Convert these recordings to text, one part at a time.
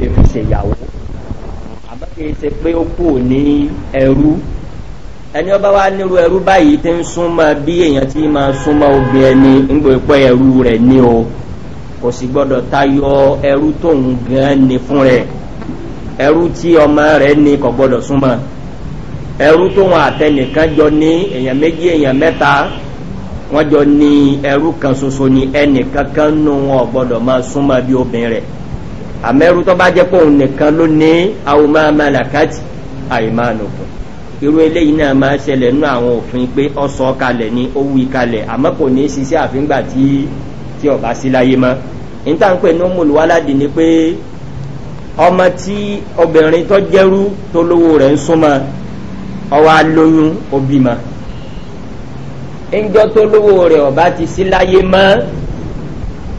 lè fi ṣèyàwó àmọ́ kì í ṣe pé ó kù ní ẹrú ẹni ọba wa nírú ẹrú báyìí ti ń súnmọ́ bí èèyàn ti máa obìnrin ẹni ń gbé ẹrú o kò sì tayo tayọ ẹrú tóun gan ni fún rẹ̀ ẹrú tí ọmọ rẹ̀ ní kò gbọ́dọ̀ súnmọ́ ẹrú tóun àtẹnìkan jọ ní èèyàn méjì èèyàn mẹ́ta wọ́n jọ ní ẹrú kan ṣoṣo ní nù wọn àmẹ́rú tó bá jẹ́ pé òun nìkan ló ní àwọn máa máa làkàtì àìmánukùn irú eléyìí náà máa ṣẹlẹ̀ nínú àwọn òfin pé ọ̀sọ̀ kalẹ̀ ni ó wí kalẹ̀ àmọ́ kò ní ṣiṣẹ́ àfíngbà tí tí ọba sí láyé mọ́ níta ń pè ní mùlùwáládì ni pé ọmọ tí obìnrin tó jẹ́rú tó lówó rẹ̀ ń súnmọ́ ọwọ́ alóyún obìmọ̀ ńjọ́ tó lówó rẹ̀ ọba ti sí láyé mọ́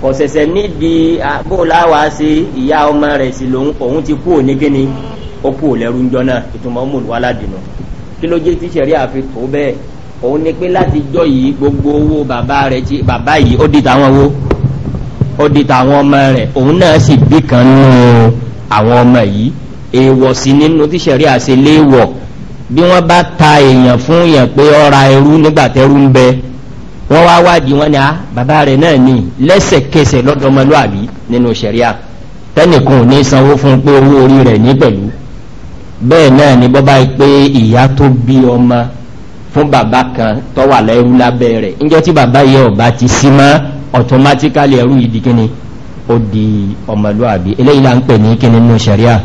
kò ṣẹ̀ṣẹ̀ nídìí bóòláwà sí ìyá ọmọ rẹ̀ sí lòun òun ti kú òní kíni ó kú òlẹ́rú ńjọ náà ìtumọ̀ mùlùwálà dìnnà kí ló jẹ́ tíṣẹ̀rí àfi tó bẹ́ẹ̀ òun ni pé láti jọ yìí gbogbo owó bàbá rẹ̀ tí bàbá yìí ó di tàwọn owó ó di tàwọn ọmọ rẹ̀ òun náà sì bí kan nù àwọn ọmọ yìí èèwọ̀ sí nínú tíṣẹ̀rí àṣẹ léèwọ̀ bí wọ́n bá ta èèyàn fún èèyàn pé ó ra ẹrú nígbà tẹ́rú ń bẹ́ẹ̀ wọ́n wá wádìí wọ́n ní a ah, bàbá rẹ̀ náà ní lẹ́sẹ̀kẹsẹ̀ lọ́dọ̀mọlúàbí nínú sẹ̀ríà tẹ́nìkan ò ní sanwó fún pé owó orí rẹ̀ ní pẹ̀lú bẹ́ẹ̀ náà ni bọ́bá yìí pé ìyá tó bí ọmọ fún bàbá kan tó wà lẹ́rú lábẹ́ rẹ̀ níjọ́ tí bàbá yẹ ọ̀bá ti sí mọ́ ọ̀tọ́mátíkálì ẹrú yìí di kíni ó di ọmọlúàbí eléyìí là ń pè ní kíni nínú sẹ̀ríà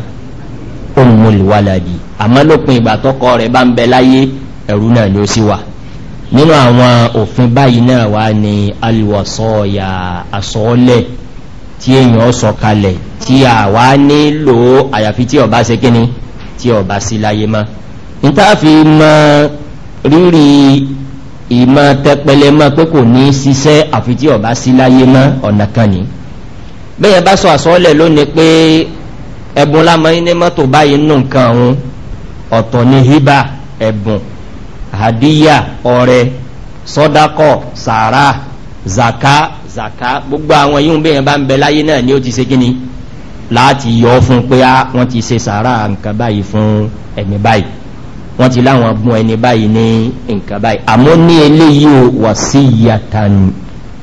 ó mú ìwàlàdì àmọ́ lópin ìgbà tọkọ rẹ̀ bá ń bẹ láyé ẹrú náà ni ó sì wà nínú àwọn òfin báyìí náà wá ní aliwọ̀sọ́ọ̀yà àsọ́ọ́lẹ̀ tí èèyàn sọ kalẹ̀ tí a wá nílò àyàfi tí ọba ṣe kíni tí ọba sí láyé mọ́ nítàfi mọ rírì ìmọ̀ tẹpẹlẹ mọ́ pé kò ní ṣiṣẹ́ àfi tí ọba sí láyé mọ́ ọ̀nà kan ni bẹ́ẹ̀ bá sọ àsọ́ọ́lẹ̀ lónìí pé ẹ̀bùn lámọ́ ní mọ́tò báyìí nù nǹkan ọ̀hún ọ̀tọ̀ ni hibà ẹ̀bùn. E hadiya ọrẹ sọdakọ sàrà zaka zaka gbogbo àwọn yìí ń bẹ̀yẹn bá ń bẹ láyé náà ni ó ti ṣe kíni láti yọ fún pé á ah, wọ́n ti ṣe sàrà nǹkan báyìí fún ẹ̀mí báyìí wọ́n ti láwọn bún ẹni báyìí ní nǹkan báyìí àmọ́ ní eléyìí ò wà sí yàtà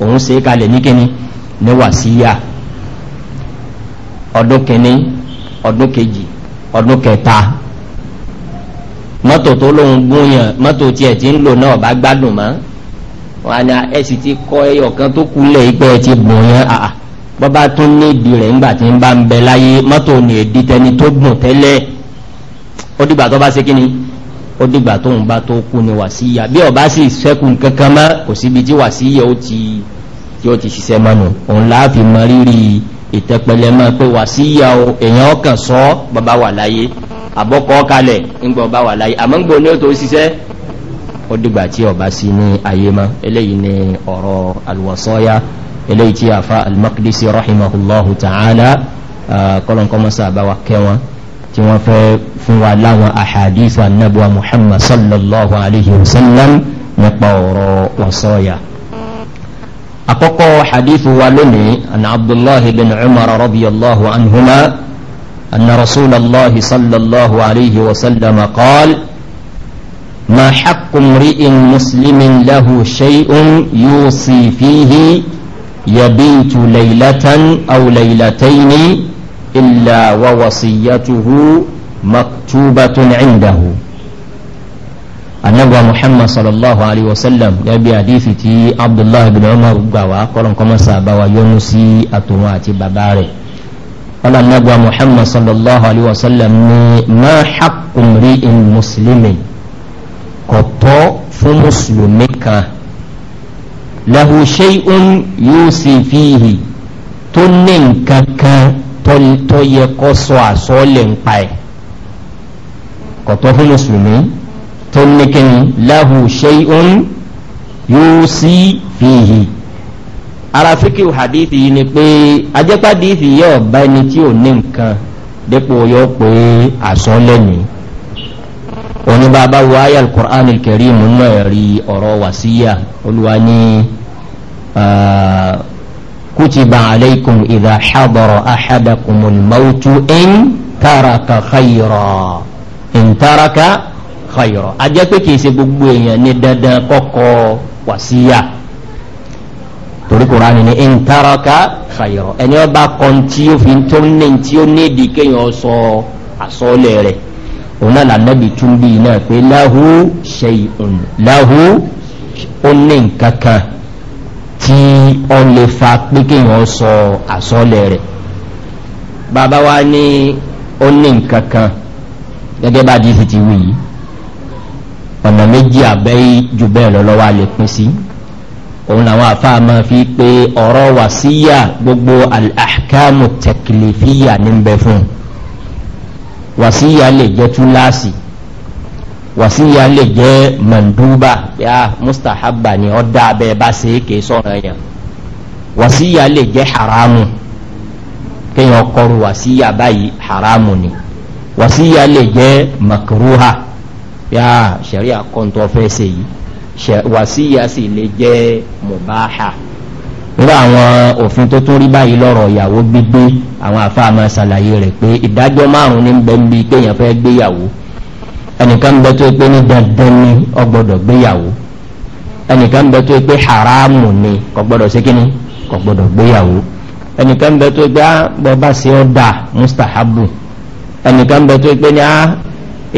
òun ṣe é kalẹ̀ ní kíni ní wà sí yà ọdún kíní ọdún kejì ọdún kẹta mọ́tò tó lóun gún yàn mọ́tò tiẹ̀ ti ń lò náà bá gbádùn mọ́ wọn á ẹ sì ti kọ́ ẹyọ kan tó kú lẹ̀ ẹ ti bùn yẹn àà bọ́bá tún ní ìdí rẹ̀ ńgbà tí ń bá ń bẹ láyé mọ́tò ní èdè tẹni tó gùn tẹ́lẹ̀ ó dìgbà tó bá ṣe kí ni ó dìgbà tó ń bá tó kú ni wàsíyà bí ọba sì ṣẹ́kù kankan mọ́ kò síbi tí wàsíyà ó ti tí ó ti ṣiṣẹ́ mọ́nu òun láàfin mọ rírì ìtẹ́pẹlẹ mọ́ pé wàsíyà èèyàn ọkàn sọ bọ́bá wà láyé àbọ́kọ́ kalẹ̀ ńgbọ́ ọba wà láyé àmọ́ ńgbọ́ ní ó tó ṣiṣẹ́ ó dìgbà tí ọba sí ní ayé mọ́ eléyìí ni ọ̀rọ̀ alwasọ́yá eléyìí tí a fa almakdisi rahimahullahu ta'ala kọ́lọ̀kọ́mọ́sá àbáwá kẹwọn tí wọ́n fẹ́ fún wa láwọn àhàdífà nàbùwà muhammad sallallahu alayhi wa sallam nípa ọ̀rọ̀ wasọ́yá akọ́kọ́ hadithu wa lónìí an abdullahi bin umar rabiyallahu anhuma أن رسول الله صلى الله عليه وسلم قال ما حق امرئ مسلم له شيء يوصي فيه يبيت ليلة أو ليلتين إلا ووصيته مكتوبة عنده النبي محمد صلى الله عليه وسلم يبي حديثتي عبد الله بن عمر قال قال قال سابا ويونسي أتواتي بباري ọlọ́nàgbà muhammad sallallahu alaihi wasallam ni ma haqqun ri'in muslimin kò tọ́ fún mùsùlùmí kan lahu shay'un yusi fihi tó ní nǹkan kan tó yẹ kó sọ àsọ́ọ́lẹ̀ ń pa ẹ̀ kò tọ́ fún mùsùlùmí tó ní kíni lahu shay'un yusi fihi ara fíkìw hadithi yìí ni pé ajẹ́pàdìsì yẹ ọ̀bá ẹni tí ò ní nǹkan dépò yọ pé àsán lẹ́yìn òní bàbá wo ayé alukur'an kẹrí mu náà rí ọ̀rọ̀ wàsíyà olúwa ní kutiba aleikum idà xabọrọ axadakumul mawtu in taraka khayra in taraka khayra ajẹ́pẹ́ kìí ṣe gbogbo èèyàn ní dandan kọ́kọ́ wàsíyà torí kùránì ní ìntàràkà fàyọ̀rọ̀ ẹni ọba kan tí ó fi tó ní tí ó ní ìdí kéèyàn sọ àsọlẹ̀ rẹ̀ òun náà lànàbì tún bí iná pé láhù ṣe ìhùn láhù ó ní nǹkan kan tí ọ lè fa pé kéèyàn sọ àsọlẹ̀ rẹ̀ bàbá wa ní ó ní nǹkan kan di fi ti wí yìí ọ̀nà méjì àbẹ́yí jù bẹ́ẹ̀ lọ́lọ́wọ́ Si òun làwọn àfáà máa fi pé ọ̀rọ̀ wà síyà gbogbo àkàmù tẹ̀kìlìfíyà ní ń bẹ fún wà síyà lè jẹ́ túláàsì wà síyà lè jẹ́ mọ̀ndúbà yá mustahaba ni ọ́ dá abẹ́ bá ṣe é kìí sọ̀rọ̀ ẹ̀yàn wà síyà lè jẹ́ haramu kéèyàn kọrù wà síyà báyìí haramu ni wà síyà lè jẹ́ makruha yá sẹ̀ríà kọ́ńtọ́ fẹ́ ṣe yìí wàsíyà sì lè jẹ́ mùbáhà nígbà àwọn òfin tó tún rí báyìí lọ́rọ̀ ìyàwó gbígbé àwọn àfáà máa ṣàlàyé rẹ̀ pé ìdájọ́ márùn-ún ní bẹ́ẹ̀ ń bi kéèyàn fẹ́ gbéyàwó ẹnìkan ń bẹ tó pé ní dandan ni ọgbọ́dọ̀ gbéyàwó ẹnìkan ń bẹ tó pé haramu ni kò gbọ́dọ̀ ṣe kíni kò gbọ́dọ̀ gbéyàwó ẹnìkan ń bẹ tó pé ah, bọ́ bá ṣe ọ́ mustahabu ẹnìkan ń bẹ tó pé ní ah,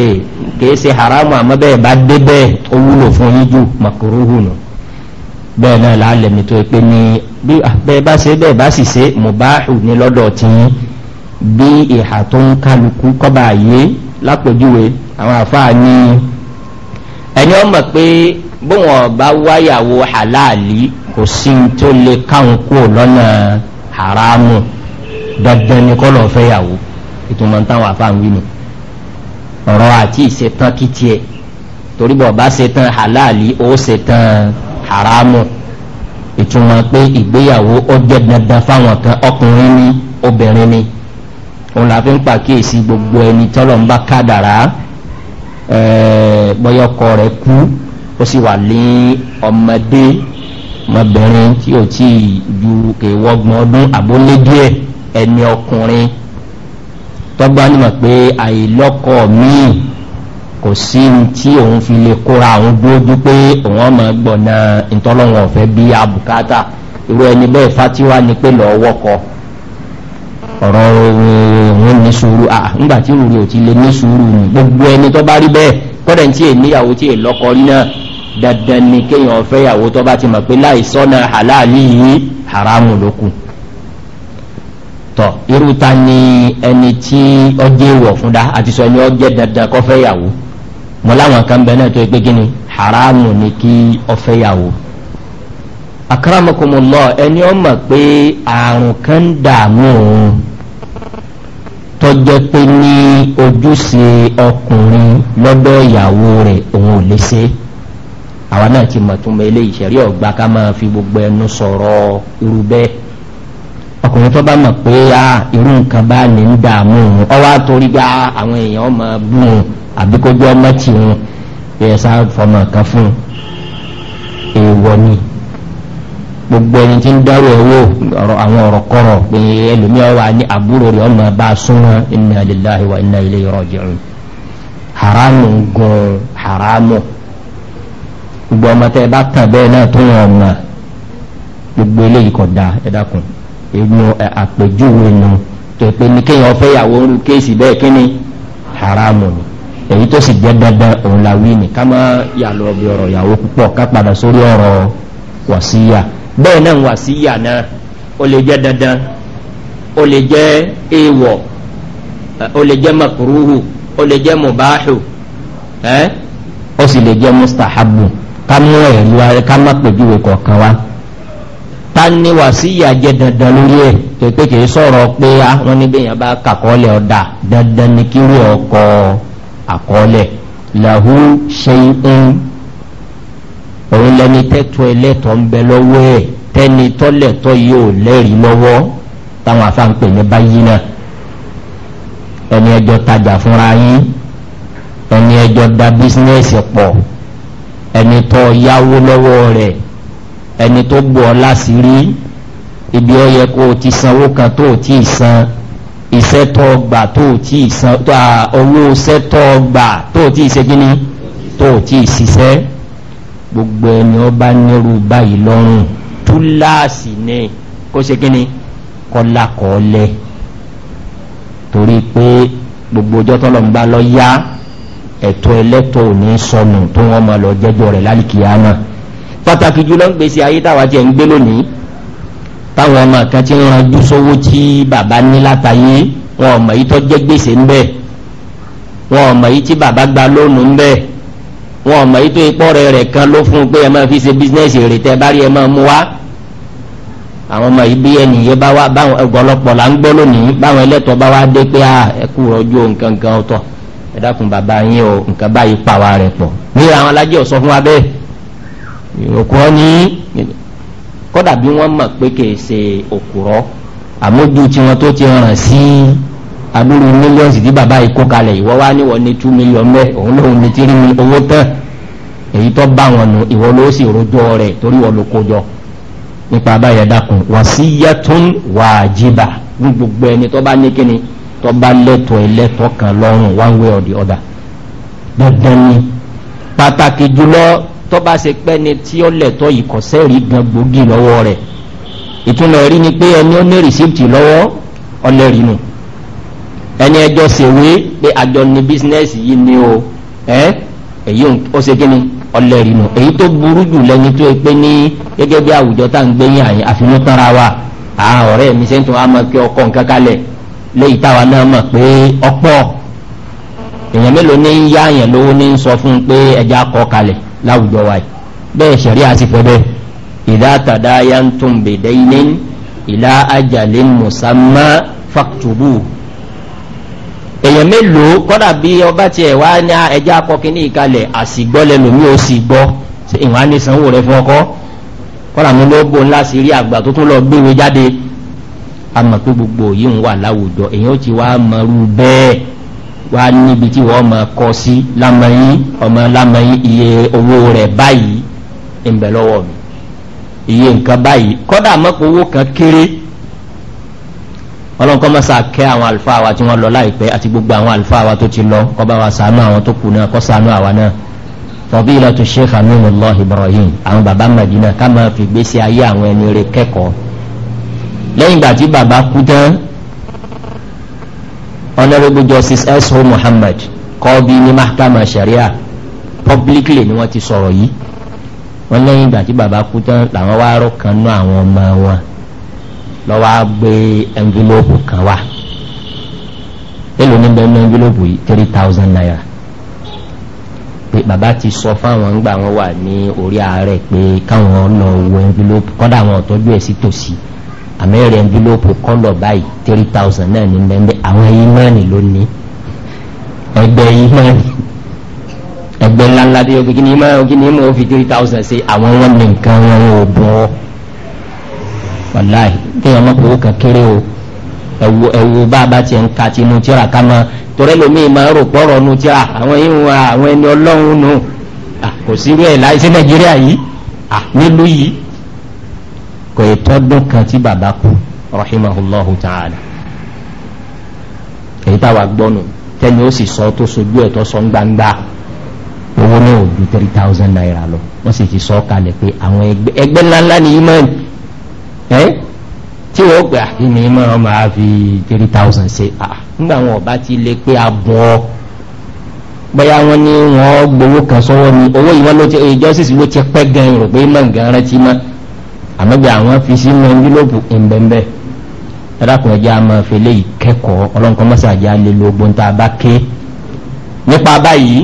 ee kìí ṣe haramu àmọ́ bẹ́ẹ̀ bá dé bẹ́ẹ̀ ó wúlò fún yín jù màkúrúhù nù bẹ́ẹ̀ náà lálẹ́ mi tó pé ní bí bẹ́ẹ̀ bá ṣe bẹ́ẹ̀ bá sì ṣe mùbáhù ní lọ́dọ̀ tí bí ìhà tó ń kálukú kọ́ba àyè lápèjúwe àwọn àfáà ní ẹni ọ mọ̀ pé bóun wáyàwó halali kò sí tó lè káwọn kúrò lọ́nà haramu dandan ni kọ́ lọ́ọ́ ìtumọ̀ táwọn àfáà ń wí nù ọ̀rọ̀ àti ìṣetán kí tiẹ̀ torí bọ̀ bá ṣetán halali ó ṣetán haramu ìtumọ̀ pé ìgbéyàwó ó jẹ́ dandan fáwọn kan ọkùnrin ni obìnrin ni òun la fi ń pàkíyèsí gbogbo ẹni tọ́lọ̀ ń bá kádàrá bọ́yọ̀ ọkọ rẹ̀ kú ó sì wà ní ọmọdé ọmọbìnrin tí ò tí ì ju kèwọ́gbọ̀n ọdún àbólé díẹ̀ ẹni ọkùnrin. E tọ́gbà nímọ̀ pé àìlọ́kọ̀ míì kò sí tí òun fi lè kóra òun dúójú pé òun ọmọ gbọ̀nà ìtọ́lọ́wọ̀n ọ̀fẹ́ bí abùkátà irú ẹni bẹ́ẹ̀ fatiwa ni pé lọ́ọ́ wọ́kọ̀ ọ̀rọ̀ òun ní sùúrù à ńgbà tí ò ti lè ní sùúrù ni gbogbo ẹni tó bá rí bẹ́ẹ̀ kọ́dẹ̀ tí èyí níyàwó tí èyí lọ́kọ náà dandan ni kéèyàn ọ̀fẹ́ yàwó tó bá ti mọ̀ pé láì sọ́nà àláàlì yìí haramu lókun tọ̀ irúta ni ẹni tí ọjẹ́ ìwọ̀ fún dá àti sọ ẹni ọjẹ́ dandan kọ́ fẹ́ yàwó mọ́ láwọn kan bẹ náà tó pé gíní haramu ni kí ọ fẹ́ yàwó akaramakumulọ ẹni ọ mọ̀ pé àrùn kan dààmú òun tọ́jọ́ pé ní ojúṣe ọkùnrin lọ́dọ̀ ìyàwó rẹ̀ òun ò lè ṣe àwọn náà ti mọ̀ tún mọ eléyìí ṣẹ̀rí ọ̀gbà ká máa fi gbogbo ẹnu sọ̀rọ̀ irú bẹ́ẹ̀ ọkùnrin tó bá mọ̀ pé a ah, irú nǹkan bá ní ń dààmú òun ọwọ́ àtòrí gba ah, àwọn èèyàn ọmọ bú un àbí kójú ọmọ tì un ẹ̀sà fọmọ kan fún èèwọ̀ ni gbogbo ẹni tí ń dárò ẹ̀ wò ọ̀rọ̀ àwọn ọ̀rọ̀ kọ̀rọ̀ pé ẹlòmíà wà ní àbúrò rẹ̀ ọmọ bá a súnmọ́ inna lillahi wa inna ilayhi raji'un haramu gun haramu gbogbo ọmọ tẹ ẹ bá tàn bẹ́ẹ̀ náà tó yàn ọ̀nà gbogbo eléyìí kọ̀ da ẹ dákun inú àpèjúwe nù tẹ̀pẹ́ ní kéèyàn fẹ́yàwó ń lu kéèsì bẹ́ẹ̀ kí ni haramu ni èyí tó sì jẹ́ dandan òun la wí ni ká má yà lọ bí ọ̀rọ̀ ìyàwó púpọ̀ ká padà sórí ọ̀rọ̀ wàsíyà bẹ́ẹ̀ náà wàsíyà náà ó lè jẹ́ dandan ó lè jẹ́ èèwọ̀ ó lè jẹ́ makuruhu ó lè jẹ́ mubahu ó sì lè jẹ́ mustahabu ká mú ẹ̀rí wa ká má pèjúwe kọ̀ọ̀kan wa ta ni wàsíyà jẹ dandan lórí ẹ pépé kìí sọ̀rọ̀ pé àwọn ah, níbẹ̀ yẹn bá kàkọ́lẹ̀ ọ̀dà dandan ni kí wọ́n kọ àkọọ́lẹ̀ làhú ṣe ń òun lẹni tẹ́tọ́ ẹlẹ́tọ̀ ń bẹ lọ́wọ́ ẹ̀ tẹ́ni tọ́lẹ̀tọ́ yìí ò lẹ́rìí lọ́wọ́ táwọn afáǹpẹ̀ ní báyìí náà ẹni ẹjọ́ tajà fúnra yín ẹni ẹjọ́ da bísínẹ́sì pọ̀ ẹni tọ́ yáwó lọ́wọ́ rẹ̀ ẹni tó gbọ́ ọ láṣìírí ibi ọ yẹ kó o ti sanwó kan tó o ti san iṣẹ́ tó o gbà tó o ti san owó iṣẹ́ tó o gbà tó o ti ṣe kíni tó o ti ṣiṣẹ́ gbogbo ẹni ọba nírú báyìí lọ́rùn túláàsì ni kó ṣe kíni kọ́lá kọ́ọ́lẹ̀ torí pé gbogbo ọjọ́ tọ́lọ̀ ń bá yá ẹ̀tọ́ ẹlẹ́tọ̀ ò ní sọnù tó wọ́n máa lọ jẹ́jọ́ rẹ̀ lálìkìyà náà pàtàkì jùlọ ń gbèsè ayé táwa tiẹ̀ ń gbé lónìí táwọn ọmọ kan ti ń ranjú sówó tí bàbá ní látàyé wọn ọmọ yìí tó jẹ́ gbèsè ń bẹ wọn ọmọ yìí tí bàbá gba lónìí ń bẹ wọn ọmọ yìí tó ipọ́ rẹ̀ rẹ̀ kan ló fún un pé ẹ máa fi ṣe bísínẹ́sì rẹ̀ tẹ́ bá rí ẹ máa mú wá àwọn ọmọ yìí bí ẹnìyẹn bá wá báwọn ọ̀gọ̀lọpọ̀ là ń gbọ́ lónìí báwọn ẹlẹ́tọ̀ bá wá dé pé ẹ kú rọjò nǹkan kan ọ̀tọ̀ ẹ dákun bàbá yín o nǹkan báyìí pa rẹ̀ pọ̀ níra àwọn alájẹ́ ò sọ fún wa bẹ́ẹ̀ òkúrọ́ ní kọ́dà bí wọ́n mọ̀ pé kìí ṣe òkúrọ́ àmójú tiwọn tó ti ràn sí adúrú mílíọ̀nù tí bàbá yìí kalẹ̀ ìwọ́ wá ní wọ́n ní two million mẹ́ òun lòun ní tírí mi owó tán èyí tó bá wọn nù ìwọ́ ló sì rojọ́ rẹ̀ torí wọ́n ló kó jọ nípa abáyẹ dákun wàsíyàtún wàjibà ní gbogbo ẹni tó bá ní kíni tó bá lẹ́tọ̀ ẹlẹ́tọ̀ kan lọ́rùn one way or the other dandan ni pàtàkì jùlọ tọ́ba ṣe pẹ́ ni tí ó lẹ̀tọ́ ìkọ̀sẹ́ rí gan gbòógì lọ́wọ́ rẹ̀ ìtúnlẹ̀ rí ni pé ẹni ó ní rìsíptì lọ́wọ́ ọlẹ́rìí nù ẹni ẹjọ́ ṣèwé pé àjọ ni bísínẹ́sì yìí ni o ẹ èyí ó ṣe kíni ọlẹ́rìí nù èyí tó burú jù lẹ́ni tó pé ní gẹ́gẹ́ bí àwùjọ tá ń gbé yín àyìn àfihàn tán ra wa àwọn ọ̀rẹ́ mi ṣe ń tún wa mọ̀ pé nǹkan kalẹ̀ léyìí táwa náà mọ̀ pé ọ̀pọ̀ èèyàn mélòó ní yá àyàn lówó ní sọ fún un pé ẹja kọ kalẹ̀ láwùjọ wa yìí bẹ́ẹ̀ ṣẹ̀rí àti fẹ́bẹ́ ìdátàdá ya ń tún bèdè ilé ìlà ajalè musamma faktubu èyàn mélòó kọ́dà bí ọba ti ẹ̀ wá ní ẹja akọkin ní ìkalẹ̀ àsìgbọ́ lẹ́nu mi ò sì gbọ́ ìwọ̀n á ní sanwó rẹ̀ fún ọkọ́ kọ́dà mi ló bó ńlá sí rí àgbà tó tún lọ gbéwé jáde a mọ̀ pé gbogbo yìí ń wà láwùjọ èyàn ó ti wá mọ̀rú bẹ́ẹ̀ wà níbi tí wọ́n mọ̀ kọ́ sí lámẹ́yìn ọmọ lámẹ́yìn iye owó rẹ̀ báyìí ń bẹ̀ lọ́wọ́ mi iye nǹkan báyìí kọ́dà mọ́pọ̀ owó kan kéré ọlọ́run kọ́ mọ́sá kẹ́ àwọn àlùfáà wa tí wọ́n lọ láìpẹ́ àti gbogbo àwọn àlùfáà wa tó ti lọ kọ́ bá wa sàánú àwọn tó kù náà kọ́ sàánú àwa náà tọ́bí ilẹ̀ tó ṣe kàmínú lọ ibrahim àwọn baba madina ká máa fi gbèsè ayé àwọn ẹni rẹ kẹ́kọ̀ọ́ lẹ́yìn ìgbà tí baba kú tán honourable justice esro muhammad kọ́bí ní mahkama sharia publicly ni wọ́n ti sọ̀rọ̀ yìí wọ́n lẹ́yìn ìgbà tí bàbá kú tán làwọn wá rọ́ kan ná àwọn ọmọ wọn lọ́wọ́ á gbé envelope kan wá èlò níbẹ̀ ní envelope yìí three thousand naira pé bàbá ti sọ fáwọn ńgbà wọn wà ní orí ààrẹ pé káwọn lọ wo envelope kọ́dà àwọn ọ̀tọ́jú ẹ̀ sí tòsí. Si àmẹ́rẹ̀ ẹnvilópù kọ́lọ̀ báyìí three thousand náà ní mẹ́mẹ́ àwọn ìmọ̀ọ́nì ló ní ẹgbẹ́ ìmọ̀ọ́nì ẹgbẹ́ ńláńlá bí ogun kìíní ìmọ̀ọ́nì kìíní ìmọ̀ọ́nì fi three thousand ṣe àwọn wọn ní nǹkan wọn ò bọ̀ ọ́ wàláì kí ọmọ kò kàn kéré o ẹ̀wù ẹ̀wù bá a bá tiẹ̀ ń ka tinú tíra ká máa torẹ́ lomi máa rò pọ̀rọ̀ nu tíra àwọn ìhùn àwọn ẹni ọlọ́run nù kò sí rí ẹ̀ láì sí nàìjíríà yìí nílùú yìí kò ìtọ́dún kan tí bàbá kú rahimahullahu ta'ala èyí táwa gbọ́nù tẹ́ni ó sì sọ tó sojú ẹ̀ tó sọ ń gbangba owó náà ò ju three thousand naira lọ wọ́n sì ti sọ ọ́ kalẹ̀ pé àwọn ẹgbẹ́ ẹgbẹ́ ńláńlá ni yìí máa ń ẹ́ tí wọ́n gbà ni máa máa fi three thousand ṣe à nígbà wọn ọba ti lè pé abọ́ bóyá wọn ní wọn gbowó kan sọ́wọ́ ni owó yìí wọn ló ti ìjọ́sìsì ló ti pẹ́ gan rò pé mọ̀ngàn rántí máa àmọ́gbẹ́ àwọn fi sínú ẹnjúlóòpù ìbẹ̀m̀bẹ̀ ẹ̀dàkùn ẹ̀jẹ̀ àmọ́ ìfẹ́lẹ́ ìkẹ́kọ̀ọ́ ọlọ́nkọ́ mọ́sàájá lè lo ogun tá a bá ké nípa báyìí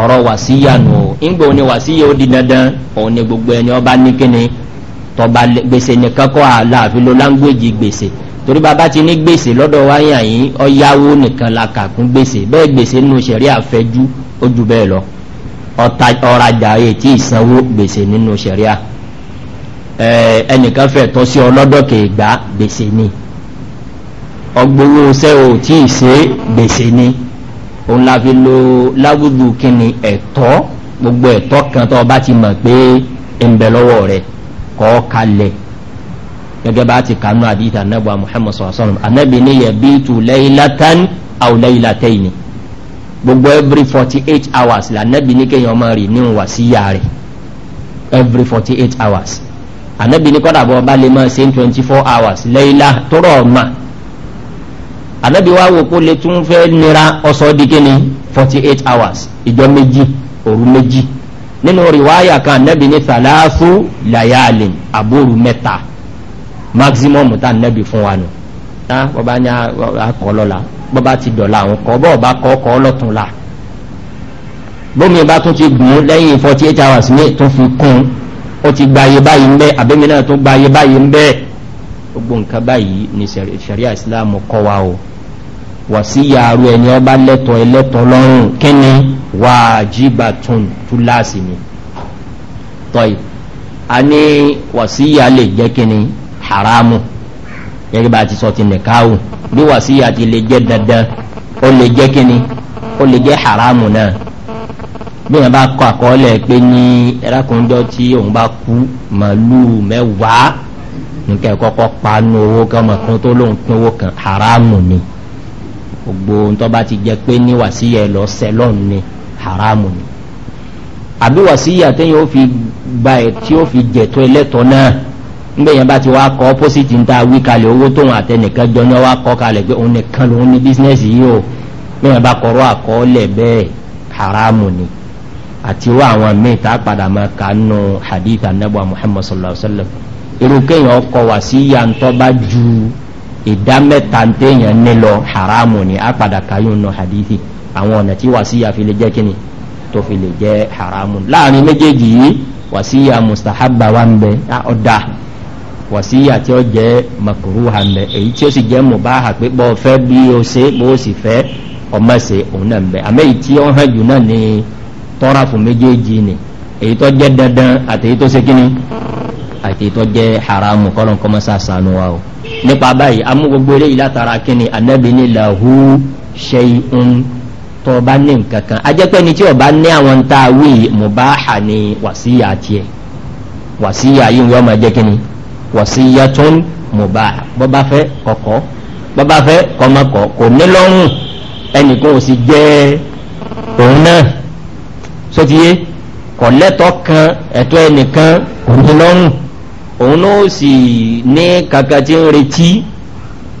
ọ̀rọ̀ wàsíyànù o ńgbà òní wàsíyà ó di dandan òun ni gbogbo ẹni ọba ní kíni tọba gbèsè nìkan kọ́ àlàáfin ló láńgbèjì gbèsè torí bàbá ti ní gbèsè lọ́dọ̀ wáyà yìí ọ̀yáwó nìkan la kà gbèsè bẹ́ẹ̀ gbèsè nù sẹ̀rí àfẹ́jú ó bẹ́ẹ̀ lọ ọ̀rajà ètí ìsanwó gbèsè nínú sẹ̀ríà. No ẹnìkan fẹ́ tọ́ sí ọlọ́dọ̀ kẹgbà gbèsè ni ọgbowó ṣẹ́ ò tí ì ṣe gbèsè ni òun la fi lo lágbègbè kínní ẹ̀tọ́ gbogbo ẹ̀tọ́ kan tó bá ti mọ̀ pé ń bẹ lọ́wọ́ rẹ̀ kọ́ kalẹ̀ gẹ́gẹ́ bá ti kànú àdìtà anábọ̀ muhammed sọ̀rọ̀sọ̀rọ̀ anábì ní yẹ̀bí tù lẹ́yìnlátán àwòlẹ́yìnlátẹ́yìn ni gbogbo every forty eight hours la anábì ní kéèyàn máa rì ní ìwàsíyà rẹ̀ every forty eight hours ànábì ní kọ́dà bọ́ ọba lè máa ṣe ní twenty four hours lẹ́yìnlá tọrọ ọ̀ma ànábì wa wò kó lè tún fẹ́ nira ọ̀sọ́ di kíni forty eight hours ìjọ méjì òru méjì nínú rìwáyà kan ànábì ní thalathu layalin àbóru mẹ́ta maximum tá ànábì fún wa nù tá bọ́ba ní akọ́ lọ́la bọ́ba ti dọ̀la àwọn kọ́ bọ́ọ̀ba kọ́ kọ́ lọ́tún la bómi bá tún ti gùn lẹ́yìn forty eight hours ní tún fi kún un ó ti gba ayé báyìí ń bẹ́ àbẹ́mi náà tó gba ayé báyìí ń bẹ́ gbogbo nǹkan báyìí ni sẹ̀ríà islam kọ́ wa o wà sí yàrá ẹni ọba lẹ́tọ̀ ẹlẹ́tọ̀ lọ́rùn kíni wàjíbàtún túláàsì ni tọ́yì a ní wà sí yà lè jẹ́ kíni haramu gẹ́gẹ́ bá a ti sọ ti nìkaahù bí wà sí yà ti lè jẹ́ dandan ó lè jẹ́ kíni ó lè jẹ́ haramu náà bẹ́ẹ̀ bá kọ àkọọ́lẹ̀ pé ní ẹ̀rákùnjọ́ tí òun bá kú màálù mẹ́wàá nǹkan ìkọ́kọ́ panu owó kan mọ̀ kan tó lóun pín owó kan haramu ni gbogbo ntọ́ bá ti jẹ pé ní wàsíyà lọ sẹlọ́n ni haramu ni àbí wàsíyà téèyàn ó fi gba ẹ̀ tí ó fi jẹ̀tọ́ ẹlẹ́tọ̀ náà nígbà yẹn bá ti wá kọ́ pósìtì ń ta wí kalẹ̀ owó tóun àtẹnìkan jọ ní wá kọ́ kalẹ̀ pé òun nìkan lòun ní bísíǹnẹ̀sì yìí o bẹ́ẹ̀ bá kọ́rọ́ àkọọ́lẹ̀ bẹ́ẹ̀ haramu ni àti irú àwọn míì tá a padà máa kà á nù hadith anabuwa muhammad sallallahu alaihi wa sallam irú kéèyàn ọkọ̀ wá sí yantọ́ bá ju ìdá mẹ́ta téèyàn ní lọ haramu ni a padà kà á yóò nù hadith àwọn ọ̀nà tí wá sí ya fi lè jẹ́ kíni tó fi lè jẹ́ haramu láàrin méjèèjì yìí wá sí ya mustahaba wa ń bẹ ọ̀dà wàsíyà tí ó jẹ́ makuruha mbẹ èyí tí ó sì jẹ́ mubaha pé bọ́ fẹ́ bí o ṣe bó o sì fẹ́ ọmọ ṣe òun náà mbẹ àmọ́ èyí tí ó hàn jù náà ni tọ́ra fún méjèèjì ni èyí tó jẹ́ dandan àti èyí tó ṣe kíni àti èyí tó jẹ́ haramu kọ́lọ́n kọ́ mọ́sá sànú wa o nípa báyìí amú gbogbo eré yìí látara kíni anabi ni lahu ṣe ń tọ́ ọba ní nǹkan kan ni tí ọba ní àwọn ń ta wí mubaha ni wàsíyà tiẹ̀ wàsíyà yìí wọ́n máa jẹ́ kíni wàsíyà tó ń mubaha bọ́bá fẹ́ kọ̀kọ́ bọ́bá fẹ́ kọ́mọkọ̀ kò ní lọ́rùn ẹnìkan ò sì jẹ́ òun náà sotiye kọ̀lẹ́tọ̀ kan ẹ̀tọ́ ẹnìkan òmìnirun òun náà si ní kankan tí ń retí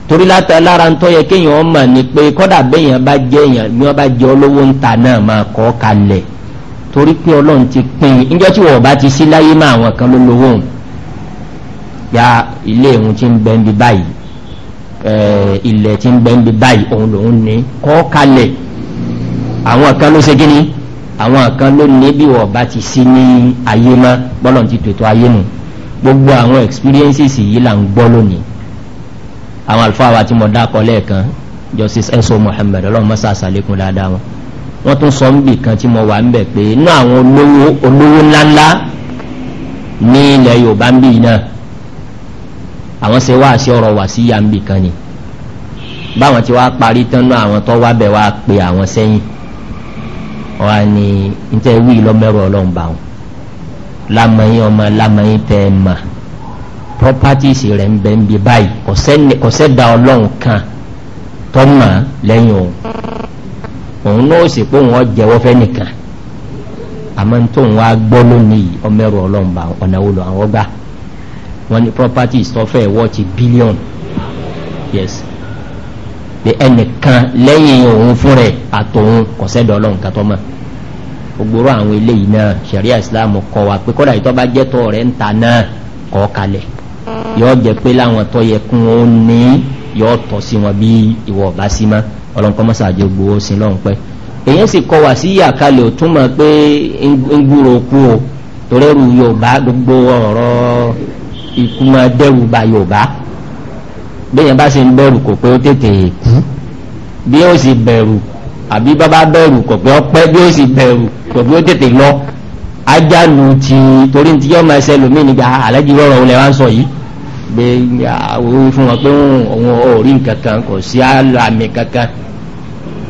torí láti lára ń tọ́ kéèyàn ọmọ ni pé kọ́dà béèyàn bá jẹ́ èèyàn ni wọ́n bá jẹ́ olówó ń ta náà máa kọ́ kalẹ̀ torí pé ọlọ́run ti pín in níjọ́ tí wọ́n bá ti sí láyé máa àwọn kan ló ya ilé ìhun ti ń bẹ́ńbi báyìí ilẹ̀ ti ń bẹ́ńbi báyìí òun lòun ní kọ́ kalẹ̀ àwọn kan ló ṣe kí ni àwọn kan ló ní bí wọ́n bá ti sí ní ayé mọ́ bọ́lọ̀ ti tètò ayé nù gbogbo àwọn experiences yìí là ń gbọ́ lónìí àwọn àlùfáà tí mo dákọ lẹ́ẹ̀kan justice eso muhammed ọlọ́mọsá àsàlẹ́kùn dáadáa wọn wọ́n tún sọ níbì kan tí mo wà ń bẹ̀ pé inú àwọn olówó olówó ńláńlá ní ilẹ̀ yorùbá ń bì náà àwọn ṣe wá àṣẹ ọ̀rọ̀ wà sí yà ń bì kan ni báwọn ti wá parí tán náà àwọn tó wá bẹ̀ wá pe àwọn sẹ́yìn wọ́n á ní níta wí lọ́mẹ́rọ ọlọ́run bá wọn lamẹ́yìn ọmọ lamẹ́yìn tẹ́ ẹ mà properties rẹ̀ ń bẹ́ ń bí báyìí kò sẹ́dá ọlọ́run kan tọ́mà lẹ́yìn òun òun náà sì pé òun jẹ́wọ́ fẹ́ nìkan àmọ́ tó ń wá gbọ́ lónìí ọmẹ́rọ ọlọ́run bá ọ̀nà wo lọ àwọn gbà wọ́n ní properties tó wọ́ọ̀tì bílíọ̀nù yes pé ẹnìkan lẹ́yìn òun fún rẹ̀ àtòun kò sẹ́dọ̀ ọlọ́run kan tọ́ mọ̀ ògbóró àwọn eléyìí náà sẹ̀ríà islam kọ wa pé kọ́dà ìtọ́ bá jẹ́ tọ́ rẹ̀ ń ta náà kọ́ kalẹ̀ yọ jẹ́ pé láwọn tọ́ yẹ kún ó ní yọ tọ́ sí wọn bí ìwọ ọ̀bá sí mọ́ ọlọ́nkọ́ mọ́sá àjẹ gbowó sí lọ́hùn pẹ́ èyí sì kọ wá sí ìyàkalẹ̀ ò túmọ̀ pé ń gbúrò kú o torẹ́rù yorùbá gbogbo ọ̀rọ̀ ikú dẹ́rù ba yorùbá bẹ́yẹn bá ṣe ń bẹ̀rù kò pé ó tètè kú bí ó sì bẹ̀rù àbí bàbá bẹ̀rù kò pé ó pẹ́ bí ó sì bẹ̀rù kò pé ó tètè lọ ajánu ti torí ti yọ́ máa ṣe lómi nígbà àlẹ́jì rọrọ̀ olè wá ń sọ yìí gbé àwọn fún wọn pé òun ò rí kò sí àmì kankan